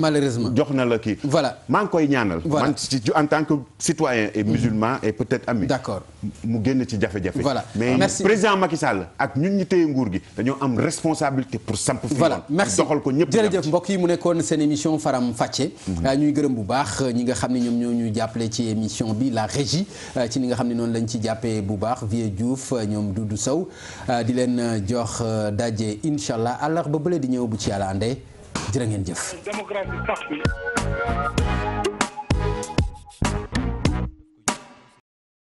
Speaker 1: jox na la kii. voilà maa koy ñaanal. man en tant que citoyen et mm-hmm. musulman et peut ami. d'accord mu génn ci jafe-jafe. voilà mais président Macky ak ñun ñi téye nguur gi dañoo am responsabilité pour samp fi voilà merci doxal mbokk yi
Speaker 3: mu nekkoon seen émission faram fàcce mm-hmm. ñuy gërëm bu baax ñi nga xam ne ñoom ñooñu jàppale ci émission bi la régie euh, ci li nga xam ne noonu lañ ci jàppee bu baax Vieux Diouf euh, ñoom Doudou Sow euh, di leen jox daje incha allah ba bële di ñëw bu ci yàlla àndee
Speaker 2: jërë ngeen jëf.